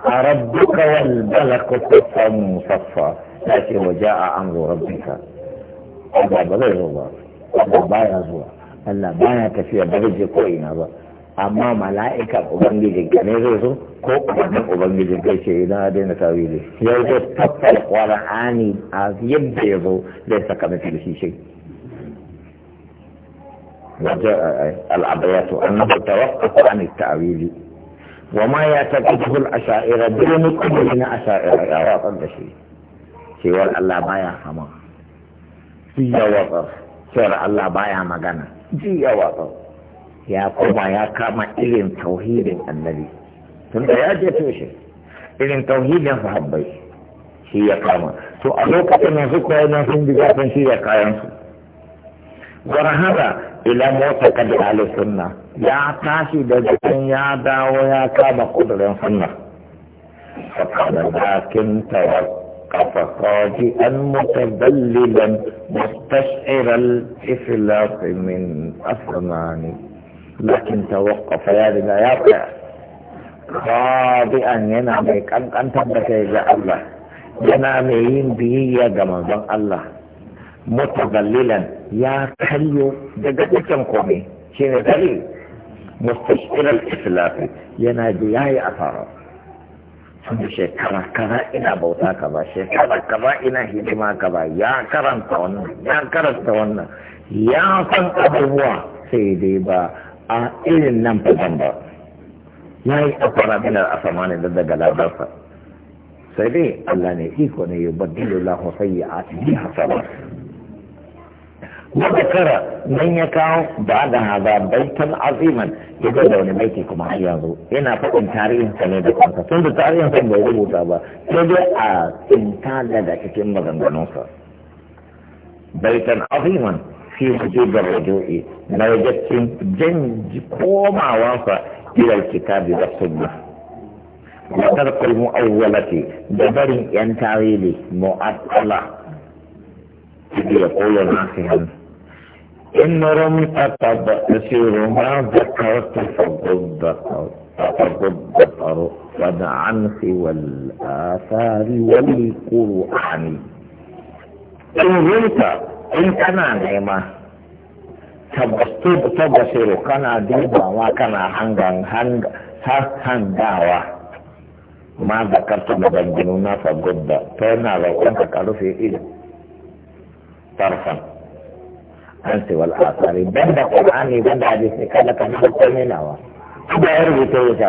a rabbuka wal balaku saffan saffa ya ce waja a amru rabbika Allah ba zai zo ba Allah baya zuwa Allah baya tafiya ba zai je ko ina ba amma mala'ika ubangijin ka ne zai zo ko ubangin ubangijin kai ce idan a daina tawili ya zo tafsir qur'ani a yadda ya zo zai saka miki da shi shi وجاء العبيات أنه توقف عن التأويل وما يعتقده الأشاعرة دون كل من أشاعرة يا رب الشيء سوى الله ما يرحمه ya watsar cewar Allah baya magana ya watsar ya kuma ya kama irin tauhidin annabi tun da ya je toshe irin tauhidin sahabbai shi ya kama to a lokacin na su koyi nan sun diga sun shirya kayan su haka ila mota kadi ahli sunna ya tashi da jikin ya dawo ya kama kudurin sunna فقد لكن توقف خاطئا متذللا مستشعر الافلاط من أثماني لكن توقف يا رجاء خاضئا ينامي أنت أنت بك يا الله ينامين به يا جماعة الله متضللا يا كليو دقتكم قومي شنو دليل مستشعر الافلاط ينادي يا أثاره tun shekara kaza ina bauta ka ba shekara kaza ina hidima ka ba ya karanta wannan ya karanta wannan ya san abubuwa sai dai ba a irin nan ban ba ya yi afara minar a samanin da daga labarsa sai dai Allah ne iko ne ya badilu lahosai a cikin hasanat na dakara nan ya kawo ba da haza baitan aziman ya ga da wani baiti kuma har yanzu yana faɗin tarihin sa da kansa tun tarihin sa bai rubuta ba sai dai a tsinta daga cikin maganganun sa baitan aziman fi su da rajo'i na rajaccin jan komawa sa ilar kitabi da sunna wa tarkul mu'awwalati da barin yan tarihi mu'attala Ibu ya إن رم أتبأسر ما ذكرت فضد فضد فالعنف والآثار والقرآن إن رمت إن كان نعمة تبصر كان ديبا وكان هنغان هنغ هنغاوة ما ذكرت مبنجنونا فضد فأنا لو كنت كالوفي إلي طرفا an ce wal asari ban da qur'ani ban da hadisi kada ka ji komai nawa da ya rubuta ya ba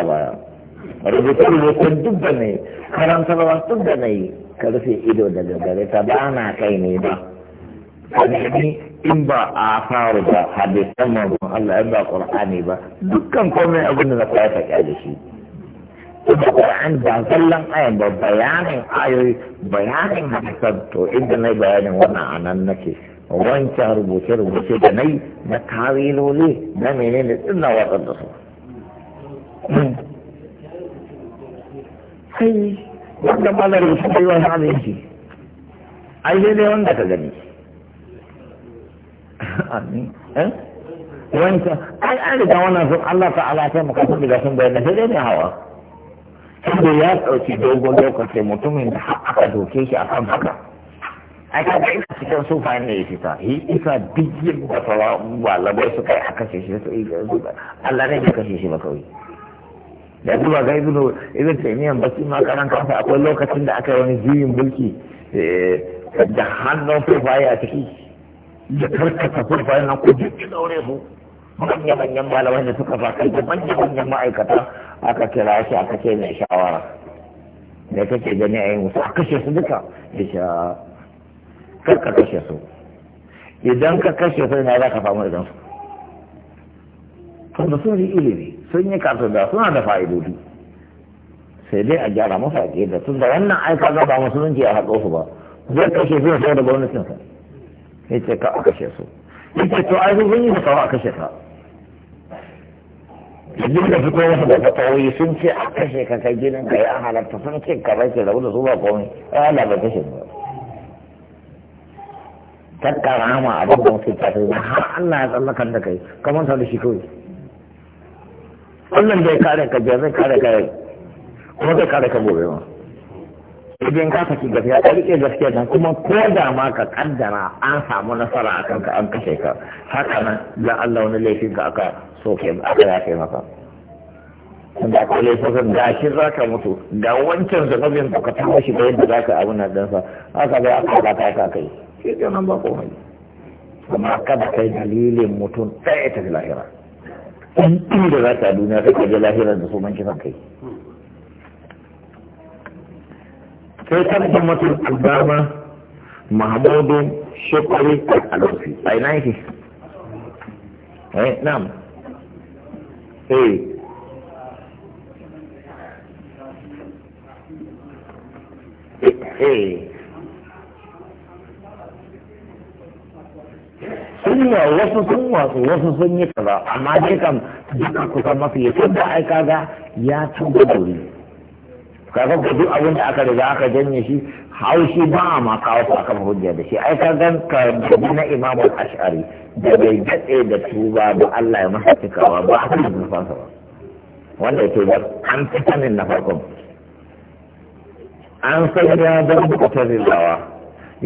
baya rubuta rubuta duk da ne ba duk da ne ka rufe ido da gare ta ba na kai ne ba kadani in ba a faru ba hadisan manzon Allah in ba qur'ani ba dukkan komai abin da na koya ta kyale shi da Qur'an ba zallan ayan eh, ba bayanin ayoyi bayanin hadisan to inda na bayanin wannan anan nake wanke rubuce-rubuce da nai na kawiloli na menene ina watsar da su sai wanda malar rubuce da yawan halin shi ai dai dai wanda ka gani eh? wanke ai an riga wannan sun Allah ta'ala ta maka sun riga sun da sai dai ne hawa tunda ya ɗauki dogon lokaci mutumin da aka doke shi kan haka ai ka ga cikin sufa ne ya fita yi isa bigin da fara malabai suka yi a kashe shi su iya zuba Allah ne ya kashe shi ba kawai da duba ga ibnu ibn taymiyan baki ma karan kansa akwai lokacin da aka yi wani juyin mulki eh, da hannun sufaye a ciki da karkata sufaye nan ko duk daure su manya-manyan malaman da suka fa kai da manya-manyan ma'aikata aka kira shi aka ce mai shawara da kake gani a yi musu a kashe su duka da sha kar ka kashe su idan ka kashe su na za ka samu idan su kuma sun yi ilimi sun yi kasu da suna da fa'idodi sai dai a gyara masa a da tun da wannan aika ga ba zunci a haƙo su ba zai kashe su da da sa ya ce ka a kashe su ya ce to ai sun yi kawo a kashe ka duk da fito wasu da fatawoyi sun ce a kashe ka kai ginin ka ya halatta sun ce ka bai da wuda da su ba komai ai Allah bai kashe ba kakka rama abin da mutum ta sai har Allah ya tsallakan da kai ka manta da shi kawai wannan bai kare ka je zai kare ka kuma zai kare ka gobe ma idan ka saki gaskiya ka rike gaskiya nan kuma ko da ma ka kaddara an samu nasara a kanka an kashe ka haka nan da Allah wani laifin ka aka soke aka yafe maka da aka laifin da shi za ka mutu ga wancan da ka ta mashi ga yadda za ka abu na dansa haka bai aka ba ta aka kai shi nan ba komai amma kada kai dalilin mutum ɗaya ta lahira in da za ta duniya kake je lahira da su manki kai sai karfin mutum albama mahamudu shekwari alafi a ina yake eh eh eh, eh. sunwa wasu sun wasu wasu sun yi kaza amma dai kan duka kusa mafi ya tunda ai kaga ya tuba dori kaga ku duk abin da aka riga aka janye shi haushi ba a ma kawo su akan hujja da shi ai ka gan ka na imamu ash'ari da bai gatse da tuba ba Allah ya masa cikawa ba a kan nufansa ba wanda ya ba an fi sanin na farkon an san ya zama mutarin rizawa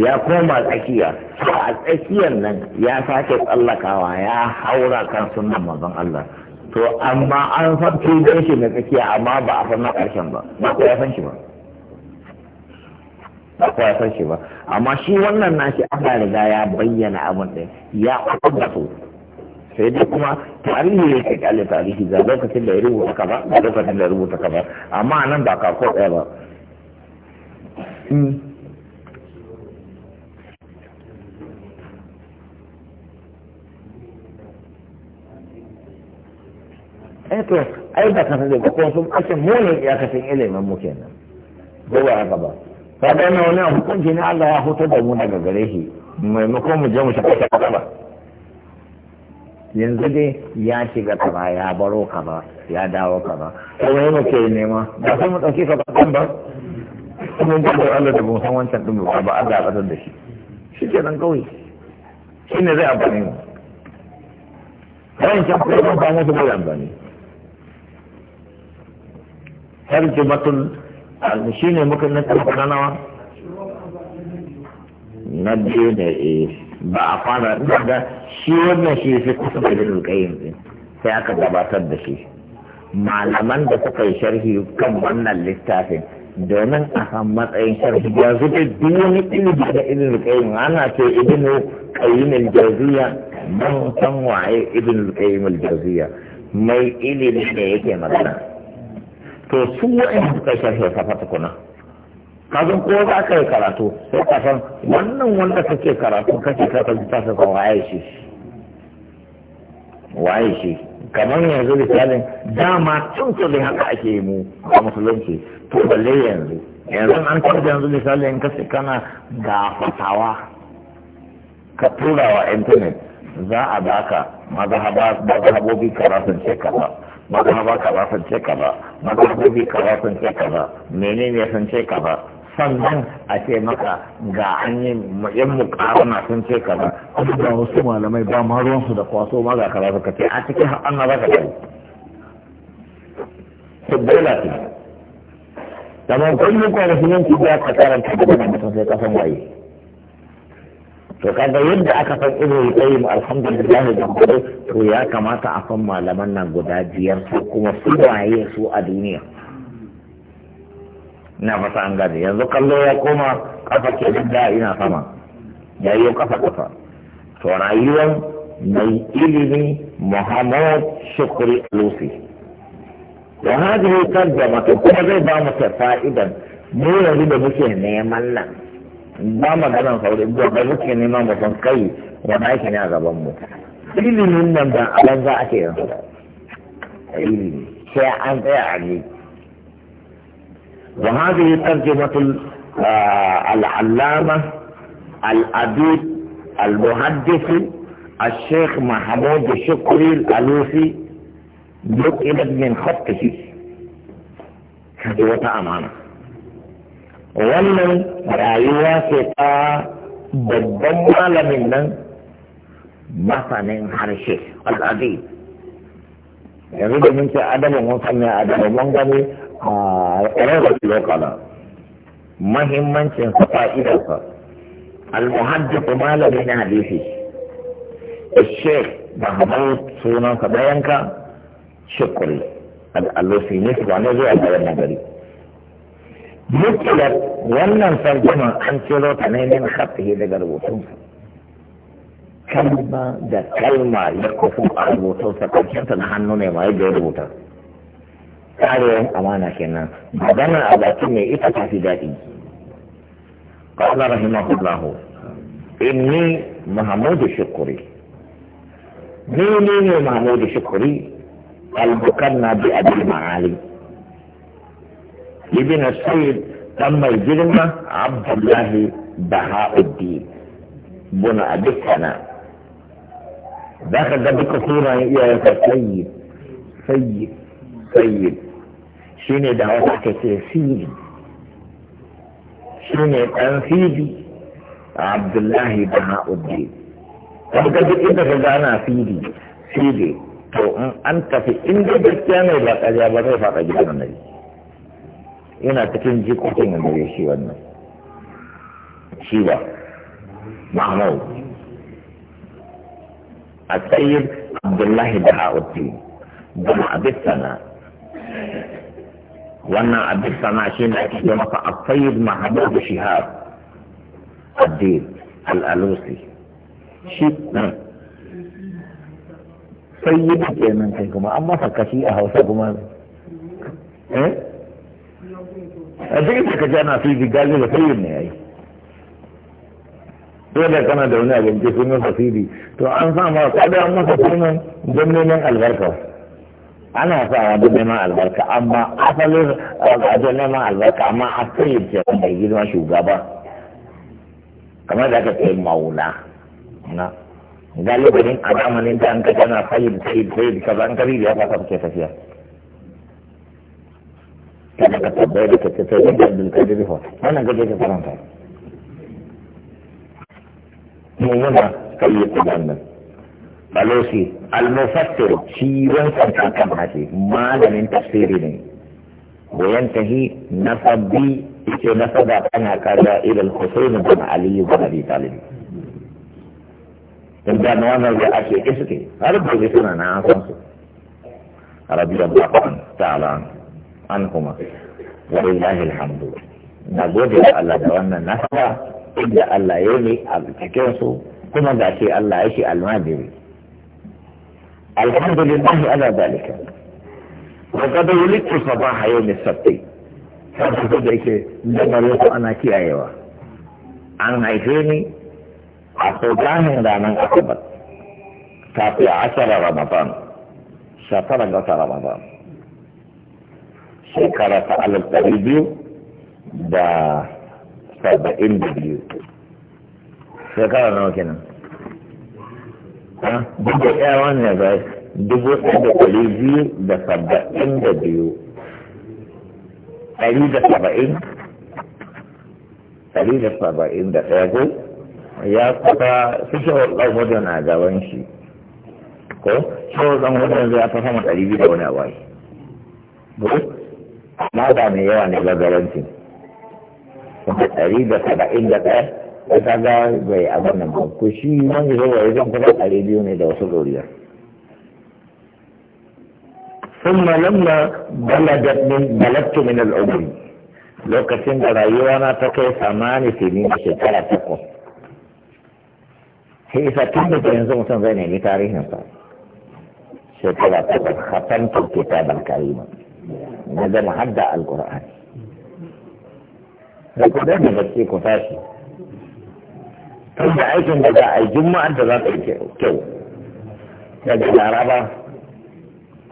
ya koma tsakiya a tsakiyar nan ya sake tsallakawa ya haura kan sunan manzon Allah to amma an farko don shi na tsakiya amma ba a san na ƙarshen ba ba ku ya san shi ba ba ku ya san shi ba amma shi wannan nashi Allah riga ya bayyana abin da ya kwanta so sai dai kuma tarihi ya ke kalle tarihi ga lokacin da ya rubuta ka ba ga lokacin da ya rubuta ka ba amma nan ba ka ko ɗaya ba hmm. to ai ba ka sani ba ko sun ake mole ya ka san ilimin mu kenan ba ba haka ba ka ga na wani hukunci ne Allah ya hoto da mu daga gare shi maimakon mu je mu shafa ta ba yanzu dai ya shiga ba ya baro ba ya dawo ba kuma yana ke nema ba sai mu dauke ka ba ba mun ga Allah da mun san wancan din ba ba Allah ya da shi shi ke nan kawai shi ne zai amfani mu wancan kuma ba mu su bai amfani tarjumatun shi ne muka ta tarjumatun nawa na biyu ne eh, ba a fara da shi wannan shi fi kusa da jirgin kayan sai aka gabatar da shi malaman da suka yi sharhi kan wannan littafin domin a san matsayin sharhi ya zube duk wani ilimi da ibn qayyim ana ce ibn qayyim al-jawziya mun san waye ibn qayyim al-jawziya mai ilimi ne yake magana to su wa'in suka ya safa tukuna kazan ko za ka yi karatu sai ka san wannan wanda ka kake karatu ka ta littafin ka waye shi waye shi kamar yanzu misalin dama tuntuli haka ake yi mu a musulunci to balle yanzu yanzu an kawai yanzu misalin ka kana ga fatawa ka tura wa intanet za a baka mazhabobi karatun shekara mazhaba kaza sun ce kaza mazhabobi kaza sun ce mene menene sun ce kaza sannan a ce maka ga an yi yan mukarana sun ce kaza kuma da wasu malamai ba ma da kwaso ma ga suka ce a cikin haɗan na za ka kai sabbala ce da man kullum kwanakin yanki za ka karanta da mutum sai kasan waye to kaga yadda aka san ibn qayyim alhamdulillah da kuma to ya kamata a san malaman nan guda biyar su kuma su waye su a duniya na fata an gane yanzu kallo ya koma kafa ke da ina sama ya yi kafa kafa to rayuwar mai ilimi muhammad shukri lusi da hajji kan jama'a kuma zai ba mu fa'idan mu yanzu da muke neman nan ba maganan sauri gobe muke nema mu san kai wani aiki ne a gaban mu ilimin nan da alan za a ce yanzu ilimi sai an tsaya a ne wa hadhihi tarjumatu al-allama al-adib al-muhaddith الشيخ محمود شكري الألوفي نقلت من خطه هذه وطأ معنا wannan rayuwa ce ta babban malamin nan masanin harshe al'adu yanzu da mun ce adabin mun sanya adabin mun gani a rarraba lokala mahimmancin sa fa'idarsa al ko malamin hadisi الشيخ محمود سونا كبيانكا شكري الألوسي نسبة نزوع على النبري Mutiyar wannan tarjuma an ciro ta ne min hafi daga rubutun. Kalma da kalma ya kufu a rubutun sa ƙarshen ta na hannu ne ma yadda ya rubuta. Tsarewar amana kenan, maganar a baki mai ita ta fi daɗi. Ƙwallon rahimahullahu, inni Muhammadu Shukuri. Ni ne ne Muhammadu Shukuri, albukan na bi abin ma'alin. لابن السيد تم الجرمة عبد الله بهاء الدين بن أبي سنة دخل ده بكثيرة يا سيد سيد سيد شيني ده وضعك سيد شيني تنفيذي عبد الله بهاء الدين طب ده إيه بكده أنا سيدي سيدي تو انت في tafi in da gaskiya ne ba ƙarya ba yana cikin jikokin da shi wannan shi ba mahmud السيد عبد الله دعاء الدين بن عبد السناء وانا عبد السناء شين اكتمت السيد محمود شهاب الدين الالوسي شيء سيد كمان كما اما فكشي اهو سبمان ايه a duk da ka ji ana fi gali da sayin ne to da kana da wani abinci sunan fasiri to an sa ma kada an masa sunan don neman albarka ana sawa don neman albarka amma asalin don neman albarka amma sayin ce wanda ya girma shugaba kamar da aka ce maula na galibin a zamanin da an ka tana sayin sayin sayin kaza an kari da ya fasa kuke tafiya kada ka tabbai da kace sai wanda Abdul Qadir fa wannan gaje ka faranta. mun muna kai ku wannan balosi al-mufassir shi wannan kan hace malamin tafsiri ne وينتهي نصب بي نصب أنا كذا إلى الحسين بن علي بن أبي طالب in da na wannan da ake iske har ba zai suna na an san su rabbi da ta'ala عنهما ولله الحمد نقول الله دوانا نحن إلا الله يلي أبتكيسو كما ذاتي الله عيشي المادري الحمد لله على ذلك وقد ولدت صباح يوم السبت فقد ذلك لما أنا كي أيوة عن عيشيني أصدقائهم دانا أخبت تابع عشر رمضان شطر رمضان shekara ta alif ɗari biyu da saba'in da biyu shekara nawa kenan duk da ɗaya ya zai dubu ɗaya da ɗari biyu da saba'in da biyu ɗari da saba'in ɗari da saba'in da ɗaya ko ya kusa suke hulɗar wajen na gaban shi ko shi hulɗar wajen zai a fi sama ɗari biyu da wani abu amma ba mai yawa ne gagaranci kuma ɗari da saba'in da ɗaya da ta ga bai abin nan ba ku shi da yi zuwa yanzu kuma ɗari biyu ne da wasu ɗoriyar ثم لما بلغت من بلغت من العمر لو كسين رايوانا تكي ثمان سنين shekara تقص sai isa tun da yanzu mutum zai nemi tarihinsa shekara takwas hatan kirkita ban karima na gama hadda alƙur'ani da ku daina bacci ku tashi da aikin da za a yi juma'ar da za ta yi kyau daga laraba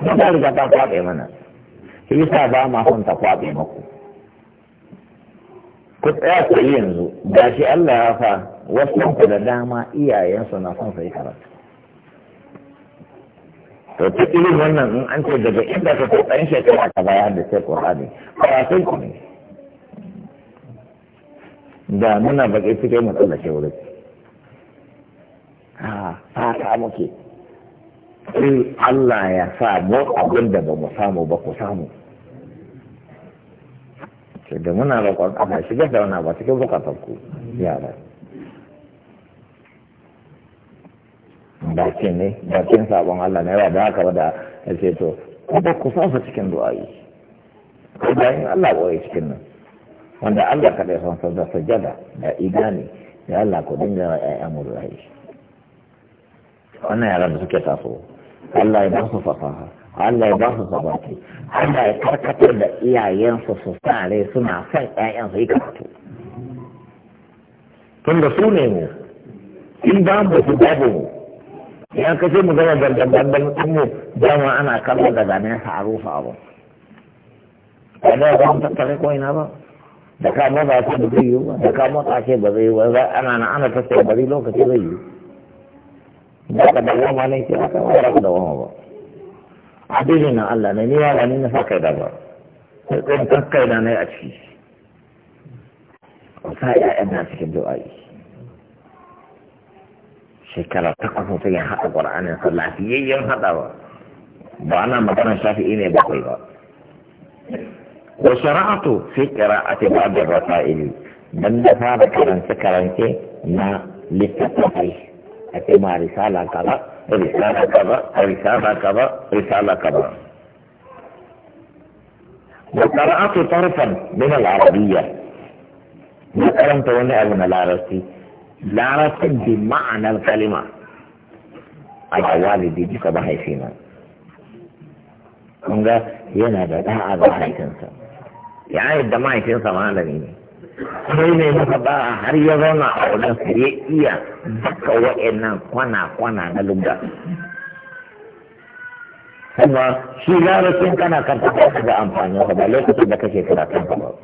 ba ta riga ta kwaɓe mana shi sa ba ma son ta kwaɓe maku ku tsaya ku yi yanzu ga shi Allah ya fa wasu da dama iyayensu na son su yi karatu to ta irin wannan in an ce daga inda ka ko ɗan shekara ka bayar da sai ƙur'ani karatun ku ne da muna baƙi cikin mu ke wuri ha ta muke in Allah ya sa mu abin da ba mu samu ba ku samu da muna roƙon Allah shigar da wani ba cikin bukatar ku yara bakin ne bakin sabon Allah na yawa ba haka ba da ce to kuma ku sasa cikin du'a'i ko bayan Allah ba cikin nan wanda Allah kada ya san da sajada da idani Ya Allah ku dinga wa ƴaƴan mu du'a'i wannan yaran da suke taso Allah ya ba su fasaha Allah ya ba su sabaki Allah ya karkatar da iyayensu su sa suna son ƴaƴan su yi karatu da su ne mu in ba mu su babu mu ya kace mu gama dangandan mutum mu dama ana kallon daga nesa a rufa abu ba da ba mu tattare ko ina ba da ka motsa ce ba zai yiwu ba da ka motsa ce ba zai yiwu ba ana na ana tattare bari lokaci zai yiwu da ka da wama ne ke aka wara ka da wama ba addini na Allah ne ni wala ni na saka da ba sai kuma kai da ne a ciki sa ya'yan na cikin du'a'i shekara takwas mutum ya haɗa ƙwar'anin sa lafiyayyen haɗawa ba ana maganar shafi'i ne bakwai ba wa shara'atu fi qira'ati ba'd ar-rasa'il dan da fara karanta karance na littattafai a ce ma risala kaza risala kaza risala kaza risala kaza wa qira'atu tarfan min al-arabiyya na karanta wani abu na larabci دارت بمعنى الكلمة أجوالي دي جيكا بحي فينا كونغا ينا دا دا أبا حي تنسا يعني الدماء تنسا ما لديني كوينة مصبا هري يظن أولا سري إيا بكا وإنا قوانا قوانا نلوغا ثم شي لا رسين كانا كارتكاسة أمفاني وكبالوكو تبكاشي كراتان كبالوكو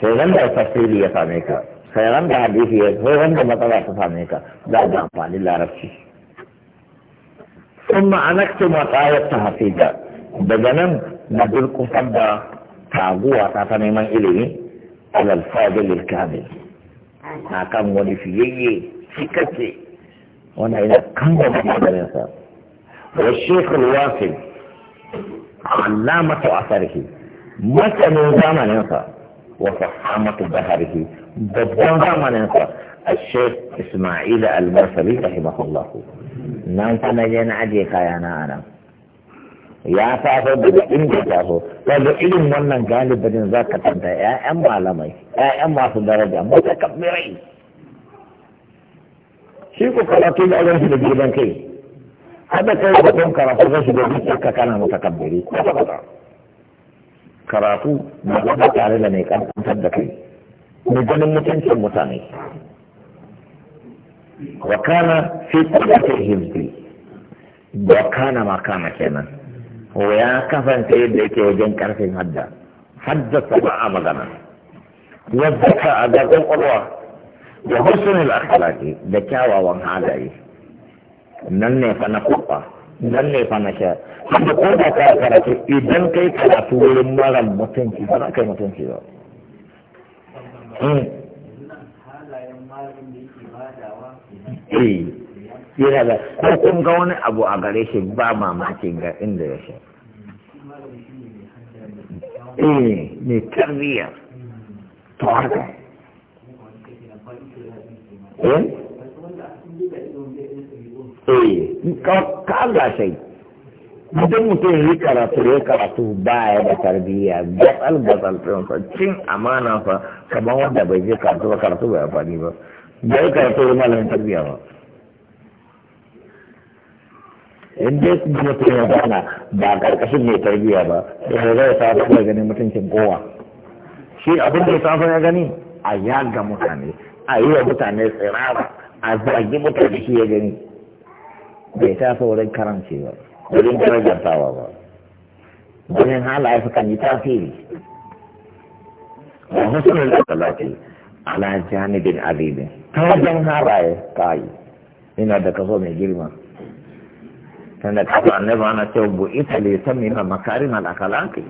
سيغنبا تفسيري يا فاميكا sai ran da hadisi هو sai ran da matsala ta same ka za ga amfani larabci ثم أنكت مطايا التحفيدة بدنا ندرك فضا تاغوة تاتني من إليه على الفاضل الكامل أكام ونفيي سكتي وانا إلى كم من والشيخ الواصل علامة أثره متن زمن وفخامة بحره الشيخ اسماعيل المرسلي رحمه الله نعم كما جينا عديقا يا نعنا يا فاهو بدعين كتاهو قالوا علم من من قال بدن ذاك تنتا يا أما لمي يا أما في درجة متكبرين شيكو قلاتي لأولا في بجيبا كي هذا كي بكم كرافوغا شبابي شكا كان متكبرين كفا كرافو ما قلت على لنيك أنت بكي mai ganin mutuncin mutane wa kana fi kudatin hizbi wa kana makana kenan wa ya kasance yadda yake wajen karfin hadda Hadda ba a magana wadda a gaban ƙwarwa da husnul akhlaqi da kyawawan halaye nan ne fa na kuɓa nan ne fa na sha da ko da ka karatu idan kai karatu wurin mara mutunci ba za ka mutunci ba Eh. Eh. yana da ko kun ga wani abu a gare shi ba mamakin ga inda ya eh mai tarbiyya to haka eh eh ka shai idan mutum yi karatu ya karatu baya da tarbiyya gatsal gatsal ɗinsa cin amana fa kamar wanda bai je karatu ba karatu bai amfani ba bai karatu ya malamin tarbiyya ba in dai mutum ya gana ba karkashin mai tarbiyya ba sai zai ta ya gani mutuncin kowa shi abin da ya safa ya gani a yaga mutane a yi wa mutane tsirara a zagi mutane shi ya gani bai ta saurin karanci ba wurin jantawa ba domin halaye sukan yi tasiri da husnul akhlaqi ala janibin azibin ta wajen halaye kai ina da kaso mai girma tunda kafa annabi na cewa bu ita le me ma makarin al akhlaqi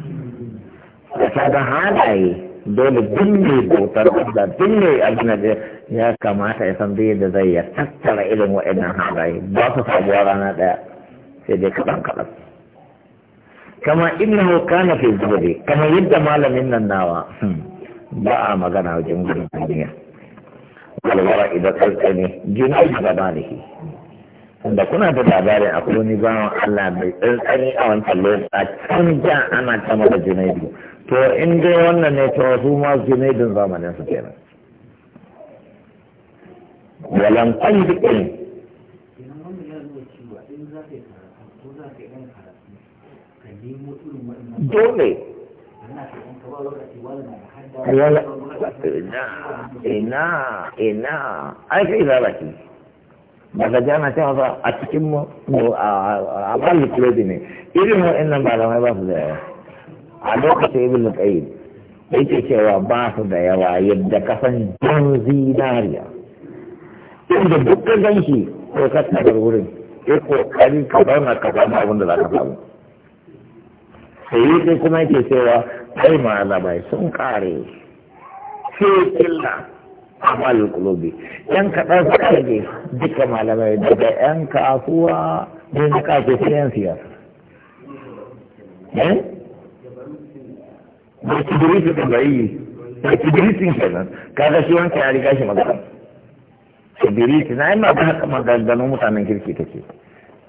da kaga halaye dole dinne ne bautar Allah dinne ne da ya kamata ya san da zai ya tattara irin wa'annan halaye ba su sabuwa rana daya sai dai kaɗan kaɗan kama innahu kana fi zuhri kama yadda malamin nan nawa hmm, ba a magana wajen gudun duniya walwara idan tsarka ne juna da zamanihi da kuna da labarin kuni ba wa Allah mai tsantsani a wancan lokaci a can ja ana ta mata junaidu to in dai wannan ne ta wasu ma junaidun zamanin su kenan walan kwanjikin dole ina ina ai kai lalace ba ka jana cewa ba a cikin mu a bali kulobi ne irin wa'annan ina ba su da yawa a lokacin ibn al yake cewa ba su da yawa yadda kasan jan zinariya inda dukkan ganshi ko ka tabar wurin ya kokari ka zauna ka samu abin da za ka samu sai sai kuma ke cewa ai malamai sun kare sai killa amal kulubi yan kaɗan suka rage duka malamai daga yan kasuwa ne na kake sai siyar siyasa eh? ba ki diri su da bayi ba ki diri sun kenan kaga shi wanke ya riga shi magana ki diri su na yi ma ba haka maganganun mutanen kirki take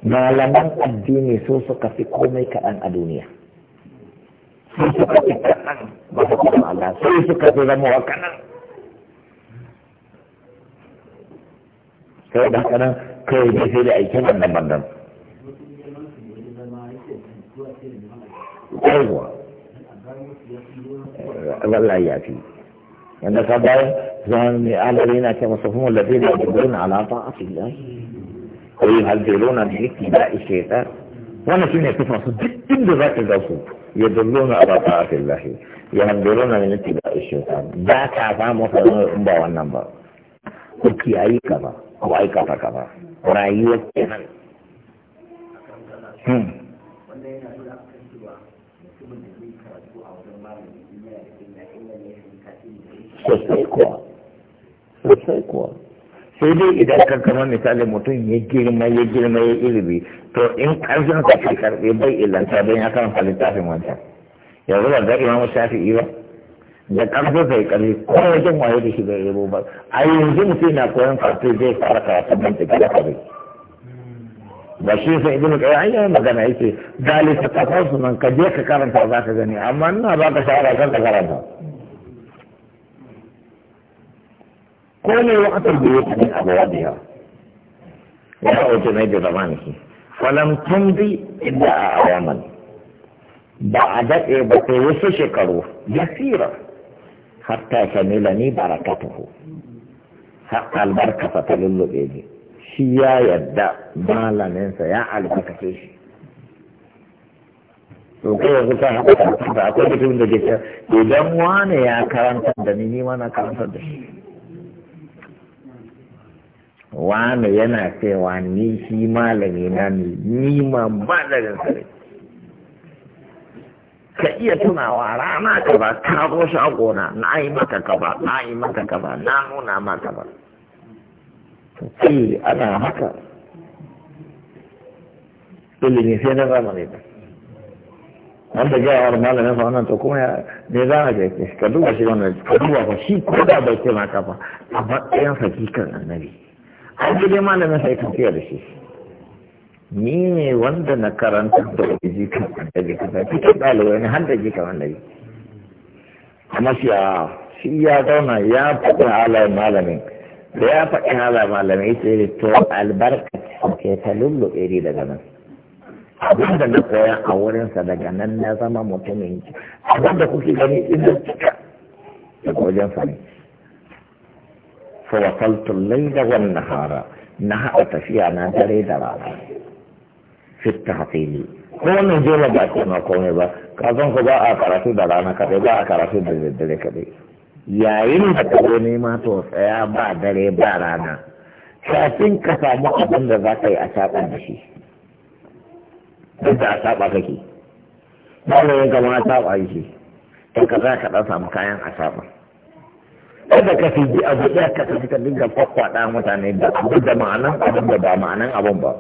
malaman addini so suka fi komai kaɗan a duniya sai suka fi kaɗan ba su kuma Allah sai suka fi zama wa kaɗan sai da kaɗan kai da sai da aikin wannan bandan aiwa wallahi ya fi yanda ka bayan zama mai alari na ce masu kuma lafi da jibirin alaƙa a filayi ko yi na da yake da ishe ta wannan shi ne kufa su duk inda za ka ga su يدلون على طاعة الله ينبرون من اتباع الشيطان ذاك عفام وصلنا الأمبا والنمبر كي أي كذا أو أي كذا كذا رأيوة كمان sosai kuwa sosai kuwa sai dai idan ka kamar misali mutum ya girma ya girma ya ilimi to in karfin ka ke karbe bai illanta don ya karanta tafin wancan yanzu ba ga imamu shafi iya da karfe sa karfi ko wajen waye da shi bai yabo ba a yanzu mutum na koyon karfi zai fara karatu ban da gida kare ba shi sai ibnu yi an yi magana yake dalisa ka kafa sunan ka je ka karanta za ka gani amma ina ba ka shawara kan ka karanta كل Ba a من ba ولا أجمد زمانه فلم تمضي إلا أعواما بعدت ni شكره ku. حتى albarka بركته ta البركة تللقيني shi ya yadda malaminsa ya albarkace shi to kai yanzu haka akwai mutum da ke idan wane ya karanta da ni ni ma na karantar da shi wani yana cewa ni shi malami na ne ni ma malamin sa ka iya tunawa rana ka ba ka zo shago na na yi maka ba na yi maka ba na nuna maka ba ce ana haka ilimi sai na ne ba wanda gawar malamin sa wannan to kuma ya ne za a je ka duba shi wannan ka duba ba shi ko da bai ce maka ba a matsayin hakikan annabi an ji dai malamin sai tafiya da shi ni ne wanda na karanta da wani jika da jika da fitar ɗalibai ne har da jika wanda yi amma shi a shi ya zauna ya faɗi halayen malamin da ya faɗi halayen malamin ita yi to albarka ke ta lulluɓe ni daga nan abin da na koya a wurinsa daga nan na zama mutumin abin da kuke gani ina cika daga wajen sa ne fa wasaltu al da wan nahara na haɗa tafiya na dare da rana fit ne. ko wannan jela ba ke na komai ba kazan ku ba a karatu da rana kadai ba a karatu da daddare kadai yayin da ka zo nema to tsaya ba dare ba rana kafin ka samu abin da za ka yi a saɓa da shi duk da a saɓa kake ba ne yin kama a saɓa yi shi in ka za ka ɗan samu kayan a saɓa kada ka fiji abu ɗaya ka tafi ka dinga kwakwaɗa mutane da abu da ma'anan abin da ba ma'anan abin ba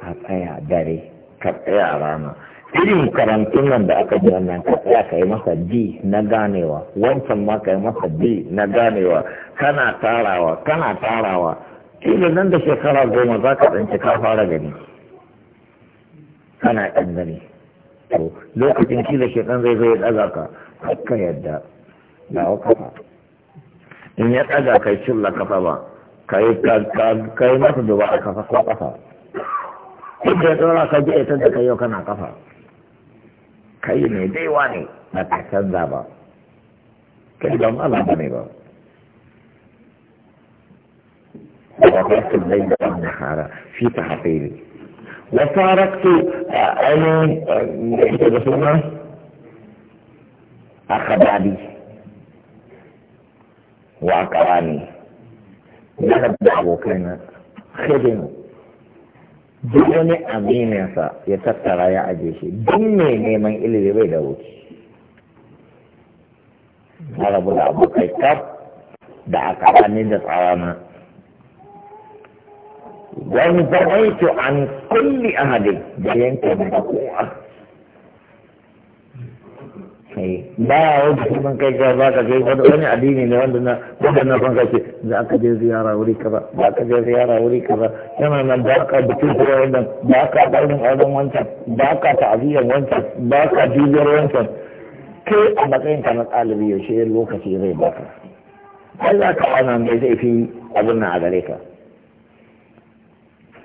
ka tsaya dare ka tsaya rana irin karantun nan da aka ji wannan ka tsaya ka yi masa ji na ganewa wancan ma ka yi masa ji na ganewa kana tarawa kana tarawa kila nan da shekara goma za ka tsanci ka fara gani kana ɗan gani to lokacin kila shekan zai zo ya ɗaga ka ka yadda dawo kafa in ya ɗaga kai cilla kafa ba kai kai masa duba a kafa ko kafa inda ya tsora ka je ta da kai yau kana kafa kai ne daiwa ne ba ka canza ba kai ba mala ba ne ba وقفت الليل والنهار في تحصيلي وفارقت عيني أخباري wa ni daga da abokai na hidin duk wani amininsa ya tattara ya aje shi duk mai neman ilimi bai da wuce na rabu da abokai kaf da aka rani da na. wani zamaitu an kulli ahadin da yanke da kowa ba ya wanda kuma kai ka ba ka kai wani addini ne wanda na wanda na fanka ce za ka je ziyara wuri ka ba za ka je ziyara wuri ka ba yana nan ba ka bikin kura wannan ba ka ɗaurin auren wancan ba ka ta'aziyyar wancan ba ka jijiyar wancan kai a matsayin ka na ɗalibi yaushe lokaci zai baka har za ka ana mai zai fi abin nan a gare ka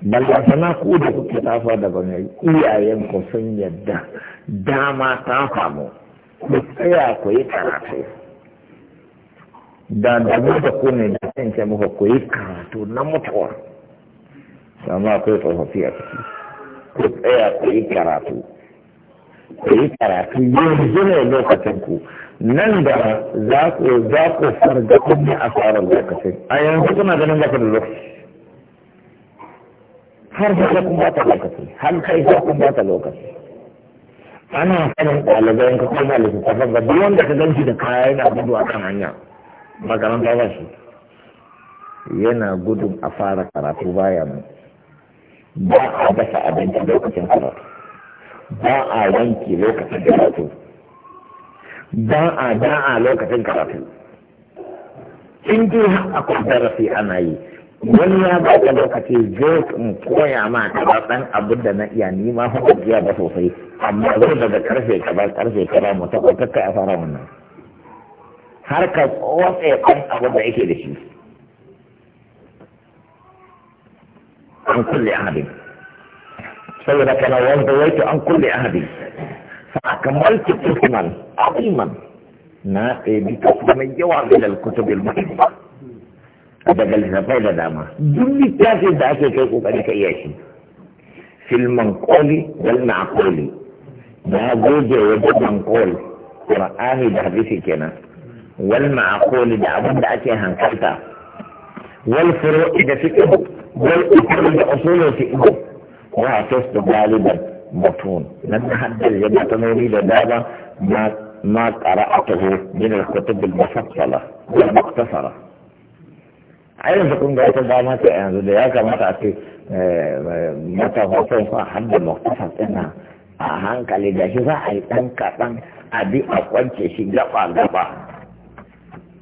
ballantana ku da kuke tafa da gwamnati iyayen ku sun yadda dama ta samu ku tsaya ku yi karatu da da mu da ku ne da kan ce muka ku yi karatu na mutuwa amma akwai tsofaffi a ciki ku tsaya ku yi karatu ku yi karatu yanzu ne lokacin ku nan da za ku za ku farga kun a asarar lokacin a yanzu kuna ganin ba ku da lokaci har sai kun ba ta lokaci har kai sai kun ba ta lokaci ana sanin ɗalibai ka kuma littattafan ba duk wanda ka ganci da kaya yana gudu kan hanya makaranta ba shi yana gudun a fara karatu baya mu ba a dafa abinci lokacin karatu ba a wanki lokacin karatu ba a da'a lokacin karatu in dai har akwai darasi ana yi wani ya ba ka lokaci zai koya ma kaza dan abin da na iya ni ma fa gajiya ba sosai amma zai daga karfe kaza karfe ba mu ta kwata a fara wannan har ka tsotse kan abin da yake da shi an kulle ahadin saboda kana wanda waito an kulle ahadi. fa kamaltu kitman aziman na ɗebi kasu mai yawa bilal kutubil muhimma daga littafai da dama duk littafin da ake kai kokari ka iya shi filman koli wal koli na goge wajen koli qur'ani da hadisi kenan wal koli da abin da ake hankalta wal furu'i da fiqh wal usul da usulul fiqh wa tasdu galiban mutun nan haddal ya matanoni da dama ma ma qara'atuhu min al-kutub al-mufassala wal mukhtasara ainihin su kunga ga ita dama yanzu da ya kamata a ce eh, mata sai fa har da muktasar a hankali da shi za a yi ɗan kaɗan a bi a kwance shi gaba gaba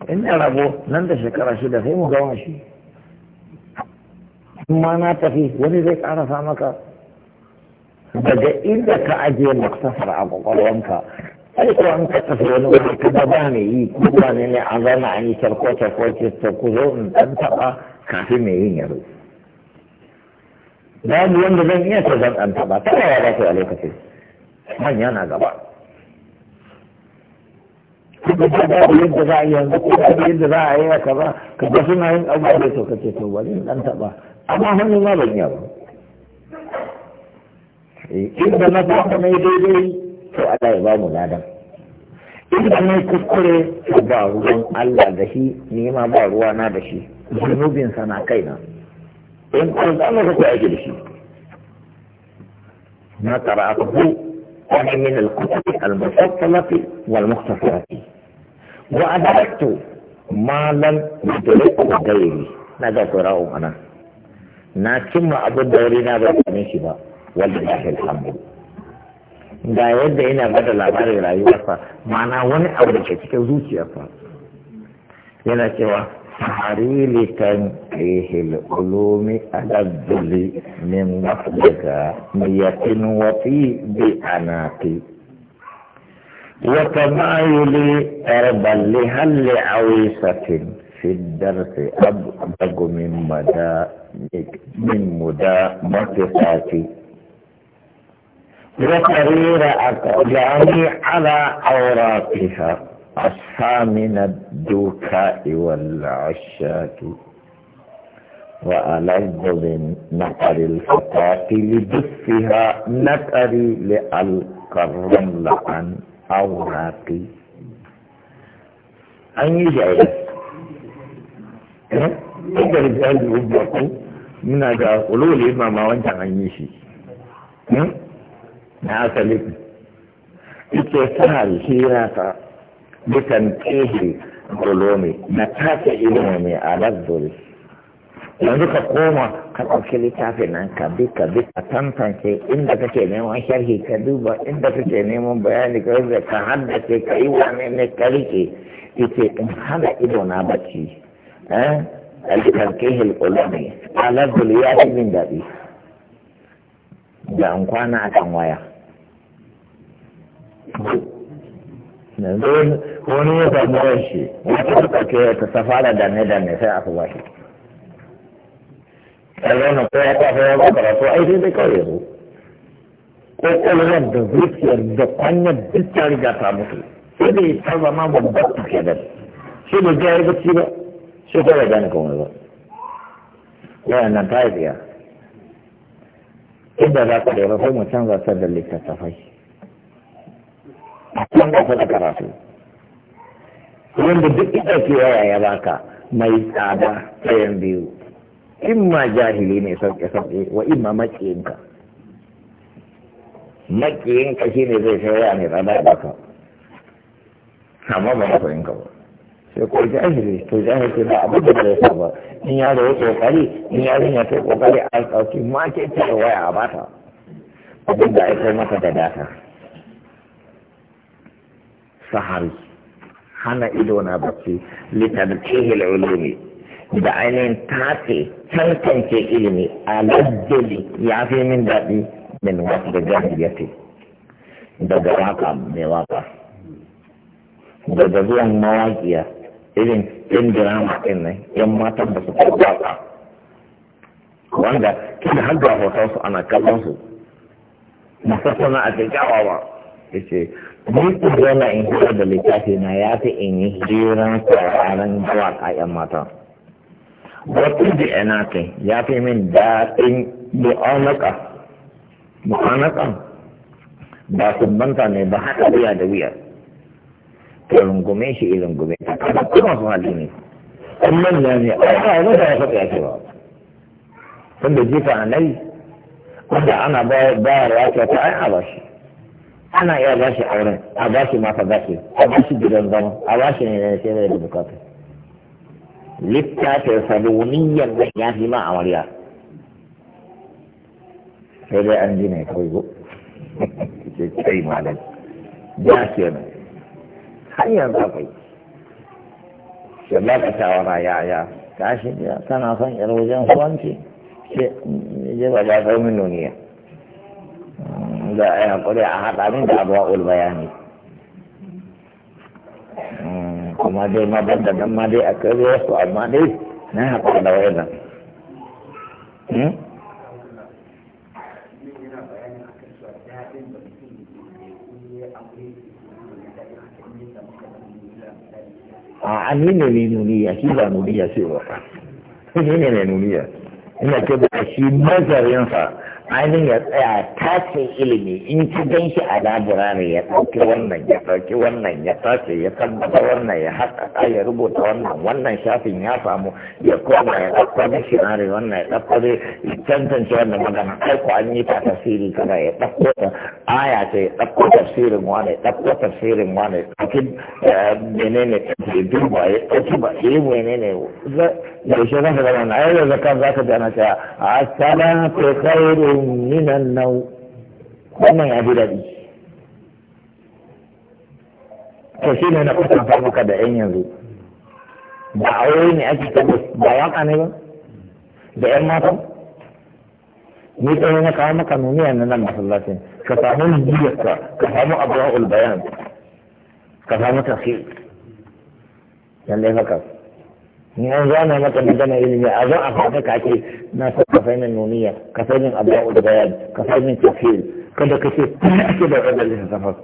in rabo nan da shekara shida sai mu gama shi in ma na tafi wani zai ƙarasa maka daga inda ka ajiye muktasar a ƙwaƙwalwanka ai ko an kasa su wani wani kada ba mai yi ko ba ne ne an zama an yi tarko tarko ce ta ku zo in dan taba kafin mai yin yaro babu wanda zan iya ta zan dan taba ta yaya za ta yi a lokacin manya na gaba kuma ta da yadda za a yi yanzu ko babu yadda za a yi a kaza ka ga suna yin abubuwa da to kace to wani dan taba amma hannu ma ban yi ba eh, inda na fata mai daidai to Allah ya ba mu ladan idan mai kuskure ba ruwan Allah da shi ni ma ba ruwa na da shi zunubin sa na kaina in kun da Allah ku aiki da shi na qara'atuhu wani min al-kutub al-mufassala wal mukhtasara wa adraktu ma lam yudriku ghayri na ga qira'u anan na cimma abin da wuri na ba ne shi ba wallahi alhamdulillah ga yadda yana bada labarin rayuwarsa mana wani abu da ke cikin zuciyarsa yana cewa sahari litan ihil ulumi aladduli min mafdaga miyatin wafi bi anati وتمايل أربا لهل عويسة fi الدرس أبلغ min مدى mada mafi متفاتي وسرير أقدامي على أوراقها أصحامن الدكاء والعشاك وألذ من نقر الفتاة لدفها نقري لألقى الرمل عن أوراقي أن يجعل إذا رجال ربكم من هذا قلوا لي ما وانت عن يشي na asali sa sahal hirata bitan tehe ulumi na tace ilimi mai dole. yanzu ka koma ka ɗauki littafin nan ka bi ka bi ka tantance inda kake neman sharhi ka duba inda kake neman bayani ka rubuta ka haddace ka yi wane ne ka rike ita in hana ido na bacci eh alkarkihil ulumi dole ya fi min daɗi da an kwana akan waya wani ya samu shi wata suka ke ta safara da ne da ne sai a shi bashi ƙarfi ko ya tafi ya baka rasu ai sai dai kawai yanzu Ko ƙwaƙwalwar da zuciyar da kwanyar duk ta riga ta mutu sai ya ta zama babbar da shi ne ya yi bacci ba shi ya gane kawai ba nan ta yi biya inda za ka da rasu mu canza ta da littattafai a can da karatu wanda duk ita ke waya ya baka mai tsada tsayan biyu in ma jahili ne sauke-sauke wa in ma maƙiyinka maƙiyinka shi ne zai shaya waya mai tsada ya baka amma ba masoyinka ba sai ko jahili to jahili ba abin da bai sa ba in da ya kokari in ya ya kai kokari a ɗauki ma ke ce waya a bata abin da aka mata da data sahari hana ido na bacci litabtihi al da ainihin tace tantance ilimi a lajjali ya fi min daɗi min wasu da daga waka mai waka daga zuwan mawaƙiya irin yan drama ɗin nan yan matan da suka waka wanda kina har da hoton su ana kallon su musassana a kyakkyawa ba yace ni zama in kula da littafi na ya fi in yi jiran sauraron zuwa kayan mata. Wata da yana kai ya fi min daɗin mu'anaka, mu'anaka ba su banta ne ba haka wuya da wuya. Ta rungume shi irin gume ta kada kuma su hali ne. Ɗan manya ne, a ba ya da ya faɗi ya ce ba. da jifa a nai, wanda ana bayarwa ta ai a ba shi. ana iya ba shi auren a ba shi mata ba shi a ba shi gidan zama a ba shi ne ne da bukatu littafin saloniyan da ya fi ma amarya sai dai an ji ne kawai go ce kai malam ya ce ne hanyar zafai akwai shi ka shawara ya ya tashi ya kana son yar wajen kwanci sai ya ba ba sai min duniya hmm. da a yankuri a haɗa min da abuwa ulbayani hmm, kuma dai ma ban da ma dai a kai wasu amma dai na haɗa da wayan nan hmm? a ni ne ne nuniya shi ba nuniya ce ba ni ne ne nuniya ina ce ba shi nazarinsa ainihin ya tsaya tace ilimi in ki gan shi a laburare ya ɗauki wannan ya ɗauki wannan ya tace ya tabbata wannan ya haƙaƙa ya rubuta wannan wannan shafin ya samu ya koma ya ɗauko dictionary wannan ya ɗauko dai ya cancanci wannan magana ko an yi ta tafsiri kaza ya ɗauko ta aya ce ya ɗauko tafsirin wani ya ɗauko tafsirin wani ya ɗauki eh, menene ya duba ya ɗauki ba ya eh, yi menene yaushe zaka zama na ayyar zakan zaka ji ana cewa a salatu khairu minan nau wannan ya ji daɗi to shi ne na kusanta maka da yan yanzu ba aure ne ake tabo ba waka ne ba da yan matan ni tsaye na kawo maka nuniya na nan masallacin ka samu nijiyarka ka samu abuwa ulbayan ka samu tafi lallai haka in an zana maka magana ilimi a zan a fata ka ce na san ka sai nuniya ka sai min abu da bayan ka sai min kada ka ce kuma ake da wadda lissafa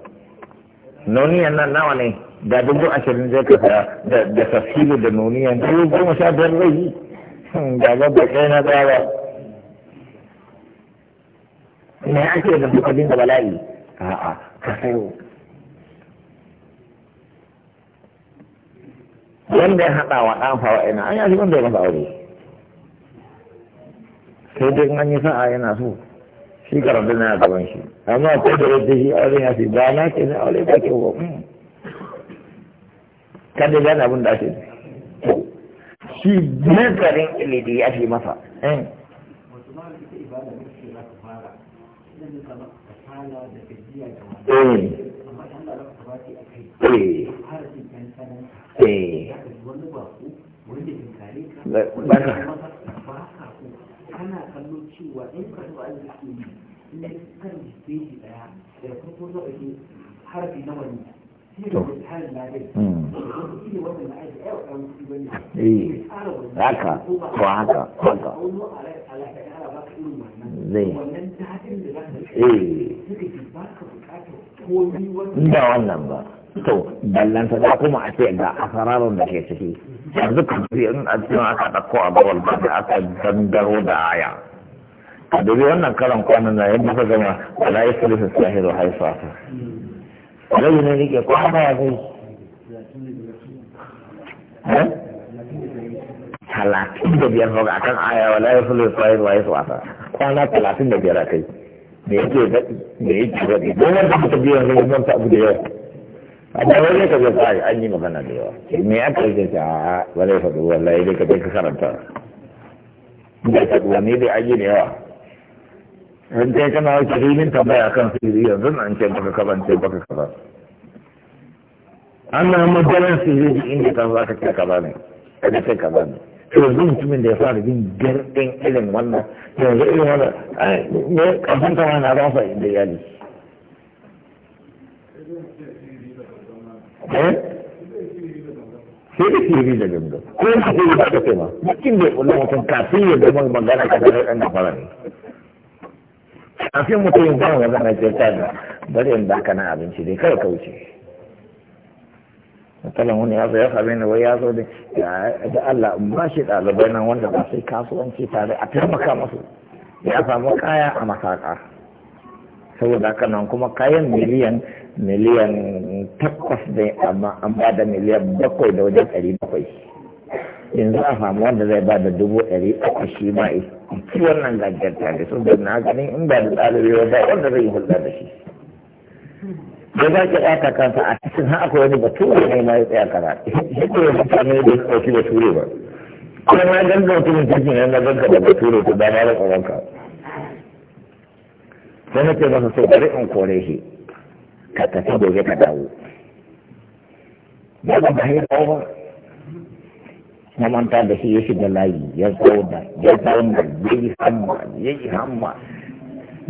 nuniya nan nawa ne da dubu ashirin zai ka fara da tafiyar da nuniyan dubu goma sha biyar zai yi da hmm, ba da kai na tsaya ba me ake da bukadin abin da bala'i a'a ka sayo wanda ya haɗa wa ɗan fawa ina an yashi wanda ya masa aure sai dai an yi sa'a yana so shi karatu na gaban shi amma ko da yadda shi aure ya fi ba na ke na aure ba ke wa mm. kada gane abin da ake shi nazarin ilidi ya fi masa mm. Eh. eh. eh ana kallo cewa in ka zo arziki ne kan da zo a harfi na wani haka ko haka haka zai eh wannan ba to ballanta da kuma a ce ga asararun da ke ciki yanzu ka ji a cikin aka ɗauko a bawal ba da aka gangaro da aya a dubi wannan karan kwanan na yadda ka gama wala ya sulisa sahiru haifa ta zai ne rike kwana ya zai eh? talatin da biyar a akan aya wala ya sulisa sahiru haifa ta kwana talatin da biyar a kai da yake zaɗi da yake da yake wanda ka tabbiyar zai manta abu da a da wani ka zai tsari an yi magana da yawa me ya kai ta a ba zai faɗi wallahi dai ka je ka karanta da ka duwa ne dai an yi da yawa in kai kana wace filin tambaya kan sirri yanzu an ce baka kaza an ce baka kaza an na madaran sirri inda kan za ka ce kaza ne ka ce kaza ne to yanzu mutumin da ya fara jin garɗin irin wannan yanzu irin wannan ne kafin kama na rafa inda iyali Eh? sai da kiri da gangan ko na kiri da ka ma mutum bai kula mutum kafin ya zama magana ka da ɗan da fara ne kafin mutum ya zama magana ce ta ga bari in baka na abinci dai kawai ka wuce matsalan wani ya zo ya same ni wai ya zo da da Allah in ba shi ɗalibai nan wanda ba sai kasuwanci tare a taimaka masu ya samu kaya a masaka saboda haka nan kuma kayan miliyan miliyan takwas ne amma an ba da miliyan bakwai da wajen ɗari bakwai yanzu a samu wanda zai ba da dubu ɗari uku shi ma ci wannan gajiyar tare sun da na ganin in ba da ɗalibi ba wanda zai yi hulɗa da shi da za ki ɗata kansa a cikin har akwai wani bature ne ma ya tsaya kara shi ko ya ne da ya ɗauki bature ba kuma na da mutumin jirgin yana ganga da bature ko da ma da tsaron ka sai na ce masa so bari in kore shi ka ta gobe ka dawo ya ba ba ya dawo ba na manta da shi ya shiga layi ya zo da ya da ya yi hamma ya yi hamma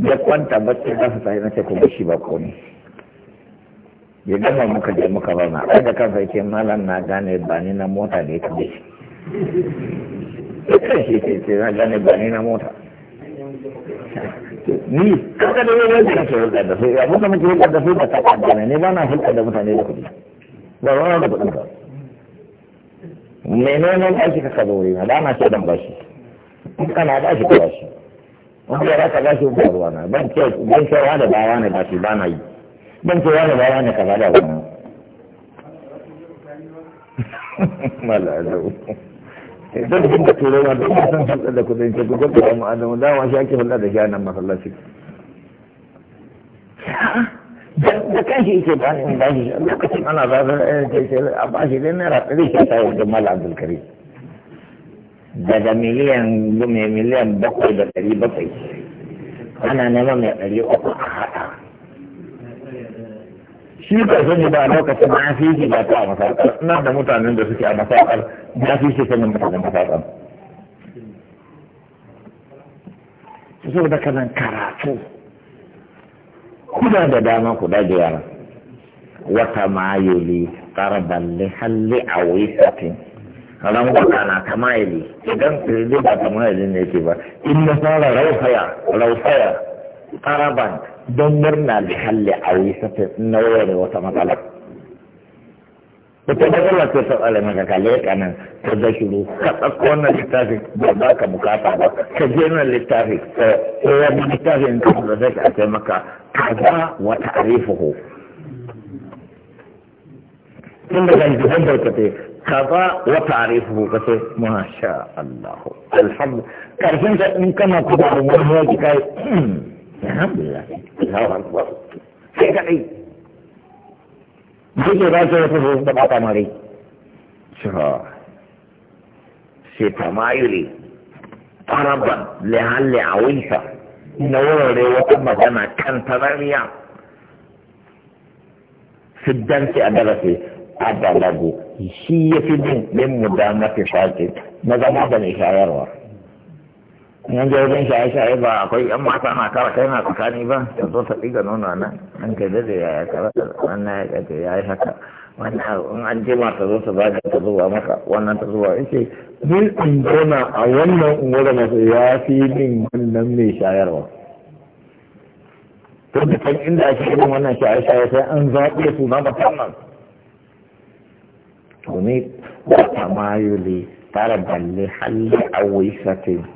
ya kwanta ba bacci ba su sai na ce ko shi ba ko ne ya gama muka je muka ba na ai da kansa yake malam na gane ba ni na mota ne ta shi ce ce na gane ba ni na mota ni kanka da yau yanzu kake hulɗa da su abin da muke hulɗa da su da ta kaddana ne ba na hulɗa da mutane da kuɗi ba ba da kuɗi ba menene aiki ka kaza wuri na da na ce dan bashi in kana bashi ka bashi wanda ya raka bashi ba ruwa na ban ce ban ce wani ba wani bashi ba na yi ban ce wani ba wani kaza da wani. <laughs> Malalu. Eh, don da kinka turai ma da kuma san hulɗar da kudin ce kuka turai mu adamu dama shi ake hulɗar da shi a nan masallaci da kan shi yake ba ni ba shi lokacin ana zazar ɗaya ce ce a ba shi dai naira ɗari shi ta yi da mala abdulkari daga miliyan mai miliyan bakwai da ɗari bakwai ana nema mai ɗari uku a haɗa shi ka sani ba lokacin na fi shi ba ta a masakar ina da mutanen da suke a masakar da fi shi sanin mutanen matasan su so da kanan karatu kuna da dama ku dage yara wata mayuli ƙarban lihalli a wisatin ran wata na ta mayuli idan kirji ba ta mayuli ne ke ba in na fara raufaya raufaya ƙaraban don murna lihalli a wisatin na wani wata matsala ko ta da Allah ce sau alamai ka kalle ka nan ka da shiru ka ɗauko wannan littafi ba za ka bukata ba ka je nan littafi ko wani littafi in ka da zai ka ce maka kaza wa ta'rifuhu tun da kan jihan barkatai kaza wa ta'rifuhu ka ce masha Allah alhamdulillah karfin ka in kana kuma da wani haji kai alhamdulillah Allahu akbar sai ka dai دیکھیے بھائی چلے تھے بھوک دباتا ماری شیٹا مایولی تارا بن لے حال لے آوئی سا نوڑا رے وقت مدھانا کھن تھا سدن سے ادھر سے ادھر لگو شیئے سدن لے مدھانا شاکت مدھانا بن اشارہ روار yan jirgin shaye-shaye ba akwai yan mata na kara kai na tsakani ba da zo ta ɗiga nono nan an kai da ya ya kara wannan ya kace ya yi haka wannan in an je ma ta zo ta zaga ta zuwa maka wannan ta zuwa yace ni in gona a wannan ungwara masa ya fi min wannan mai shayarwa to da kan inda ake irin wannan shaye-shaye sai an zaɓe su na musamman to ni ba ta mayuli da balle halli a waisatin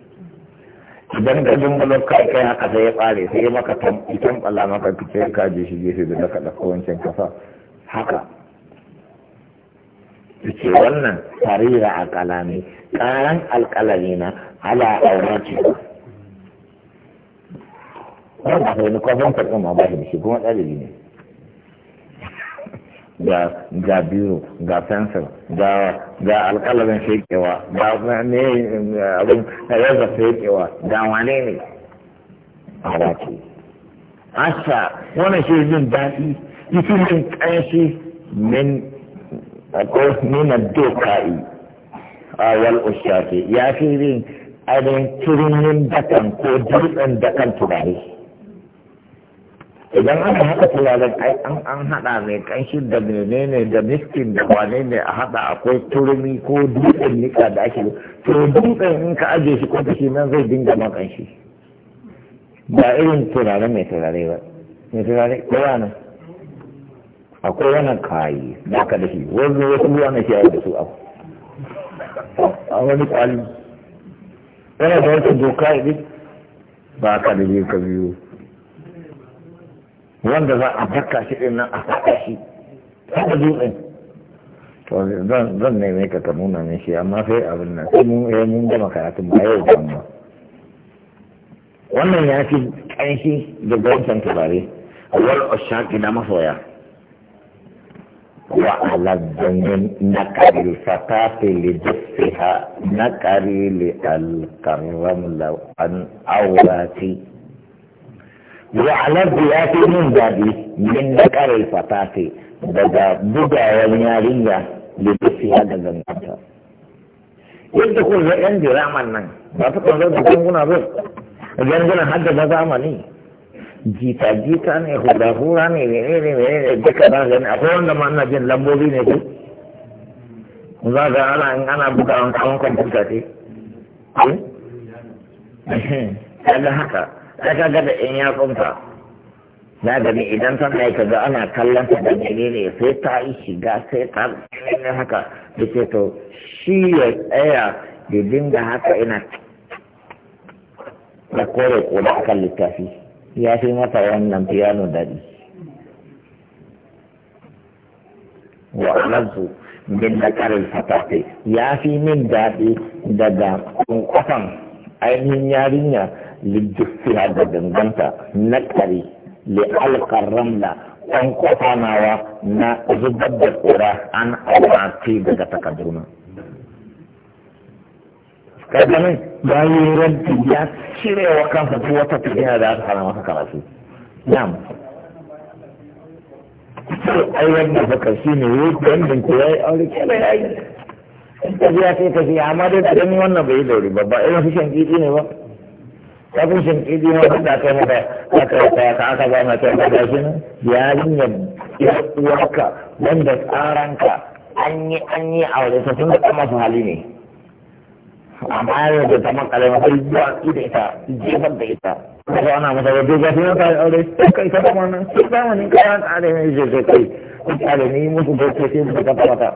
idan ka jumbalar kai kai haka sai ya bare sai ya maka tamkitan balla maka fice ka je shi gefe da ka dauko wancan kafa haka yace wannan tarira a kalami karan alkalami na ala aurati wannan sai ni kofin karɓi ma ba shi kuma ɗalibi ne ga ga biro ga fensir ga ga alƙalamin shekewa ga ne abin yadda shekewa ga wane ne a wace asha wani shi jin daɗi min ƙanshi min akwai nuna yi a wal ushafi ya fi yin adin turin yin dakan ko dutsen dakan turai. idan ana haɗa turaren ai an an haɗa ne kanshi da menene da miskin da wane ne a haɗa akwai turmi ko dutsen nika da ake to dutsen in ka ajiye shi ta shi nan zai dinga ma kanshi ba irin turaren mai turare ba mai turare ko yana akwai wannan kayi da ka da shi wani wasu ruwa na shi da su a wani kwali yana da wata doka ba ka da biyu ka biyu wanda za a farka shi ɗin nan a farka shi haka dutsen to zan neme ka ka nuna min shi amma sai abin nan sai mun yi eh, mun gama karatun ba yau ban amma wannan ya fi ƙanshi da gwancan turare wal ushaqi na masoya wa aladzan fata fili li daffiha nakari li alkarram law an wa'alar da ya fi min daɗi min na ƙarar fatati daga bugawar yarinya da tafiya da gangata yadda kun ga yan diraman nan ba ta kan da ganguna ba gangunan har da na zamani jita jita ne hura hura ne ne ne ne ne duka ba gani akwai wanda ma ana jin lambobi ne ko za ga ana in ana buga bugawan kawon kwamfuta ce eh? <laughs> kaga haka sai ka ga da in ya tsunta na gani idan ta mai ka ga ana kallon ta da gani ne sai ta yi shiga sai ta ne haka da ce to shi ya tsaya da dinga haka ina da kore kore akan littafi ya fi mata wannan piano dadi wa alazu min da karin fatati ya fi min daɗi daga kwankwasan ainihin yarinya liddufiya da danganta na kare li alƙarramna ɗan kwafanawa na zubar da ƙura an aurati daga takarduna. kaganin bayan rabbi ya cire wa kansa duk wata tafiya da aka hana masa karatu na'am ai wannan baka shi ne yi ko yayi aure kada yayi in ji ya kai ka ji amma dai da ganin wannan bai dauri ba ba irin shan ne ba kafin shi idi ma duk da kai maka aka ta ta aka ba maka ta da shin yarinya ya uwarka wanda tsaranka an yi an yi aure ta tun da kuma su hali ne amma yau da ta makale ma sai zuwa ida ita jefar da ita kaga ana masa da shi sai ta aure sai kai ta kuma nan sai zamanin kayan aure ne je je kai ko aure ne musu da sai da ka fata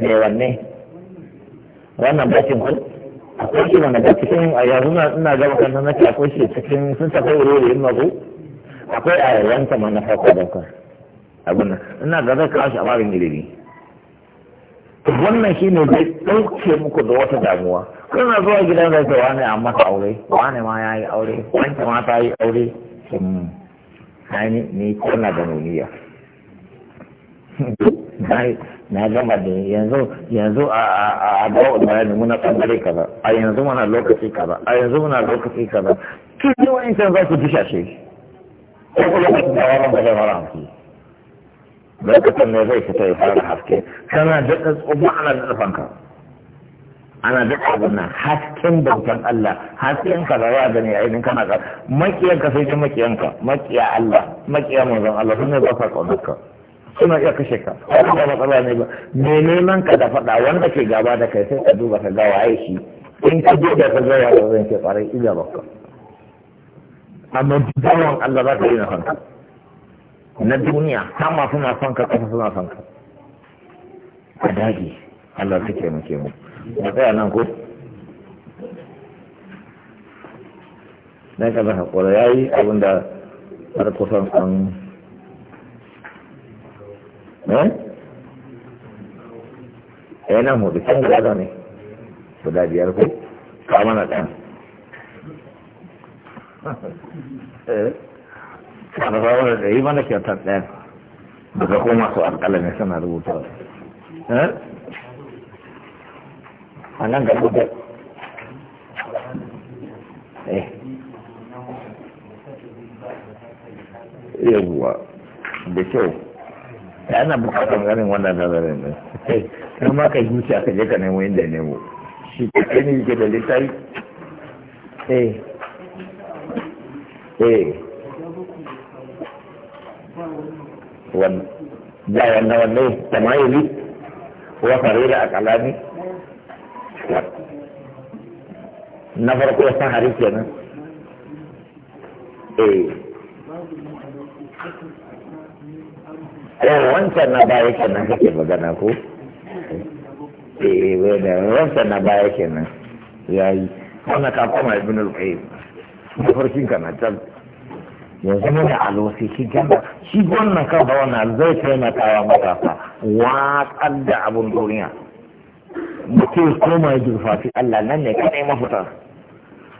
me wanne wannan bakin kun akwai shi wanda ba cikin a yanzu ina gaba kan nan nake akwai shi cikin sun tafi wuri da in mazu akwai a yanka ma na farko daukar abin nan ina ga zai kawo shi a babin ilimi wannan shi ne zai ɗauke muku da wata damuwa kana zuwa gidan zai sai wani a mata aure wani ma ya yi aure wanke ma ta yi aure ni ni kuna da nuniya <laughs> na gama da yanzu yanzu a a dawo bayani muna bangare kaza a yanzu muna lokaci kaza a yanzu muna lokaci kaza kin ji wa'in san za ku dishashe ko kuma ku dawo nan ba zai mara amfani lokacin ne zai fita ya fara haske kana da tsoba ana daɗa fanka ana daɗa abin nan hasken bautan Allah hasken ka da ya gani a idan kana ka makiyanka sai ta makiyanka makiya Allah makiya zan Allah sun ne ba sa ƙaunarka suna iya kashe ka wani ba matsala ne ba me neman ka da faɗa wanda ke gaba da kai sai ka duba ka ga waye shi in ka duba ka ga waye zan ce ƙwarai ina baka amma dawon Allah za ka yi na fanka na duniya sama suna son ka suna son ka a daji Allah suke muke mu ba tsaya nan ko na ka zaka kula yayi abinda har kusan an eh eh na hudu can guda ne guda biyar ko ka ɗan eh ana ba da yi mana kyautar ɗaya daga kuma su alƙalami suna rubuta eh a nan ga eh yawwa da kyau da ana bukatar ganin wannan nazarin ne kan ma ka a ka je ka nemo inda nemo shi ka ne yake da littafi eh eh wannan ya wannan wannan tamayuli wa farila akalani na farko ya san hari kenan eh eh wancan na baya kenan kake magana ko eh wanda wancan na baya kenan yayi wannan ka koma ibn al-qayyim farkin ka na can yanzu mun alwasi shi ganda shi wannan kan da wannan zai taimakawa matasa waƙar da abun duniya mutum koma ya jirfafi Allah nan ne kadai mafuta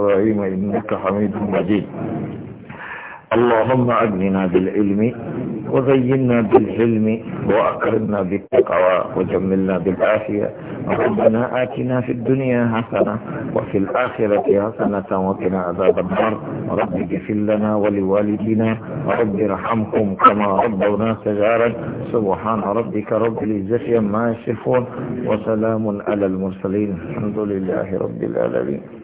إبراهيم إنك حميد مجيد اللهم أجلنا بالعلم وزينا بالحلم وأكرمنا بالتقوى وجملنا بالعافية ربنا آتنا في الدنيا حسنة وفي الآخرة حسنة وقنا عذاب النار رب اغفر لنا ولوالدينا رب ارحمكم كما ربونا صغارا سبحان ربك رب العزة عما يصفون وسلام على المرسلين الحمد لله رب العالمين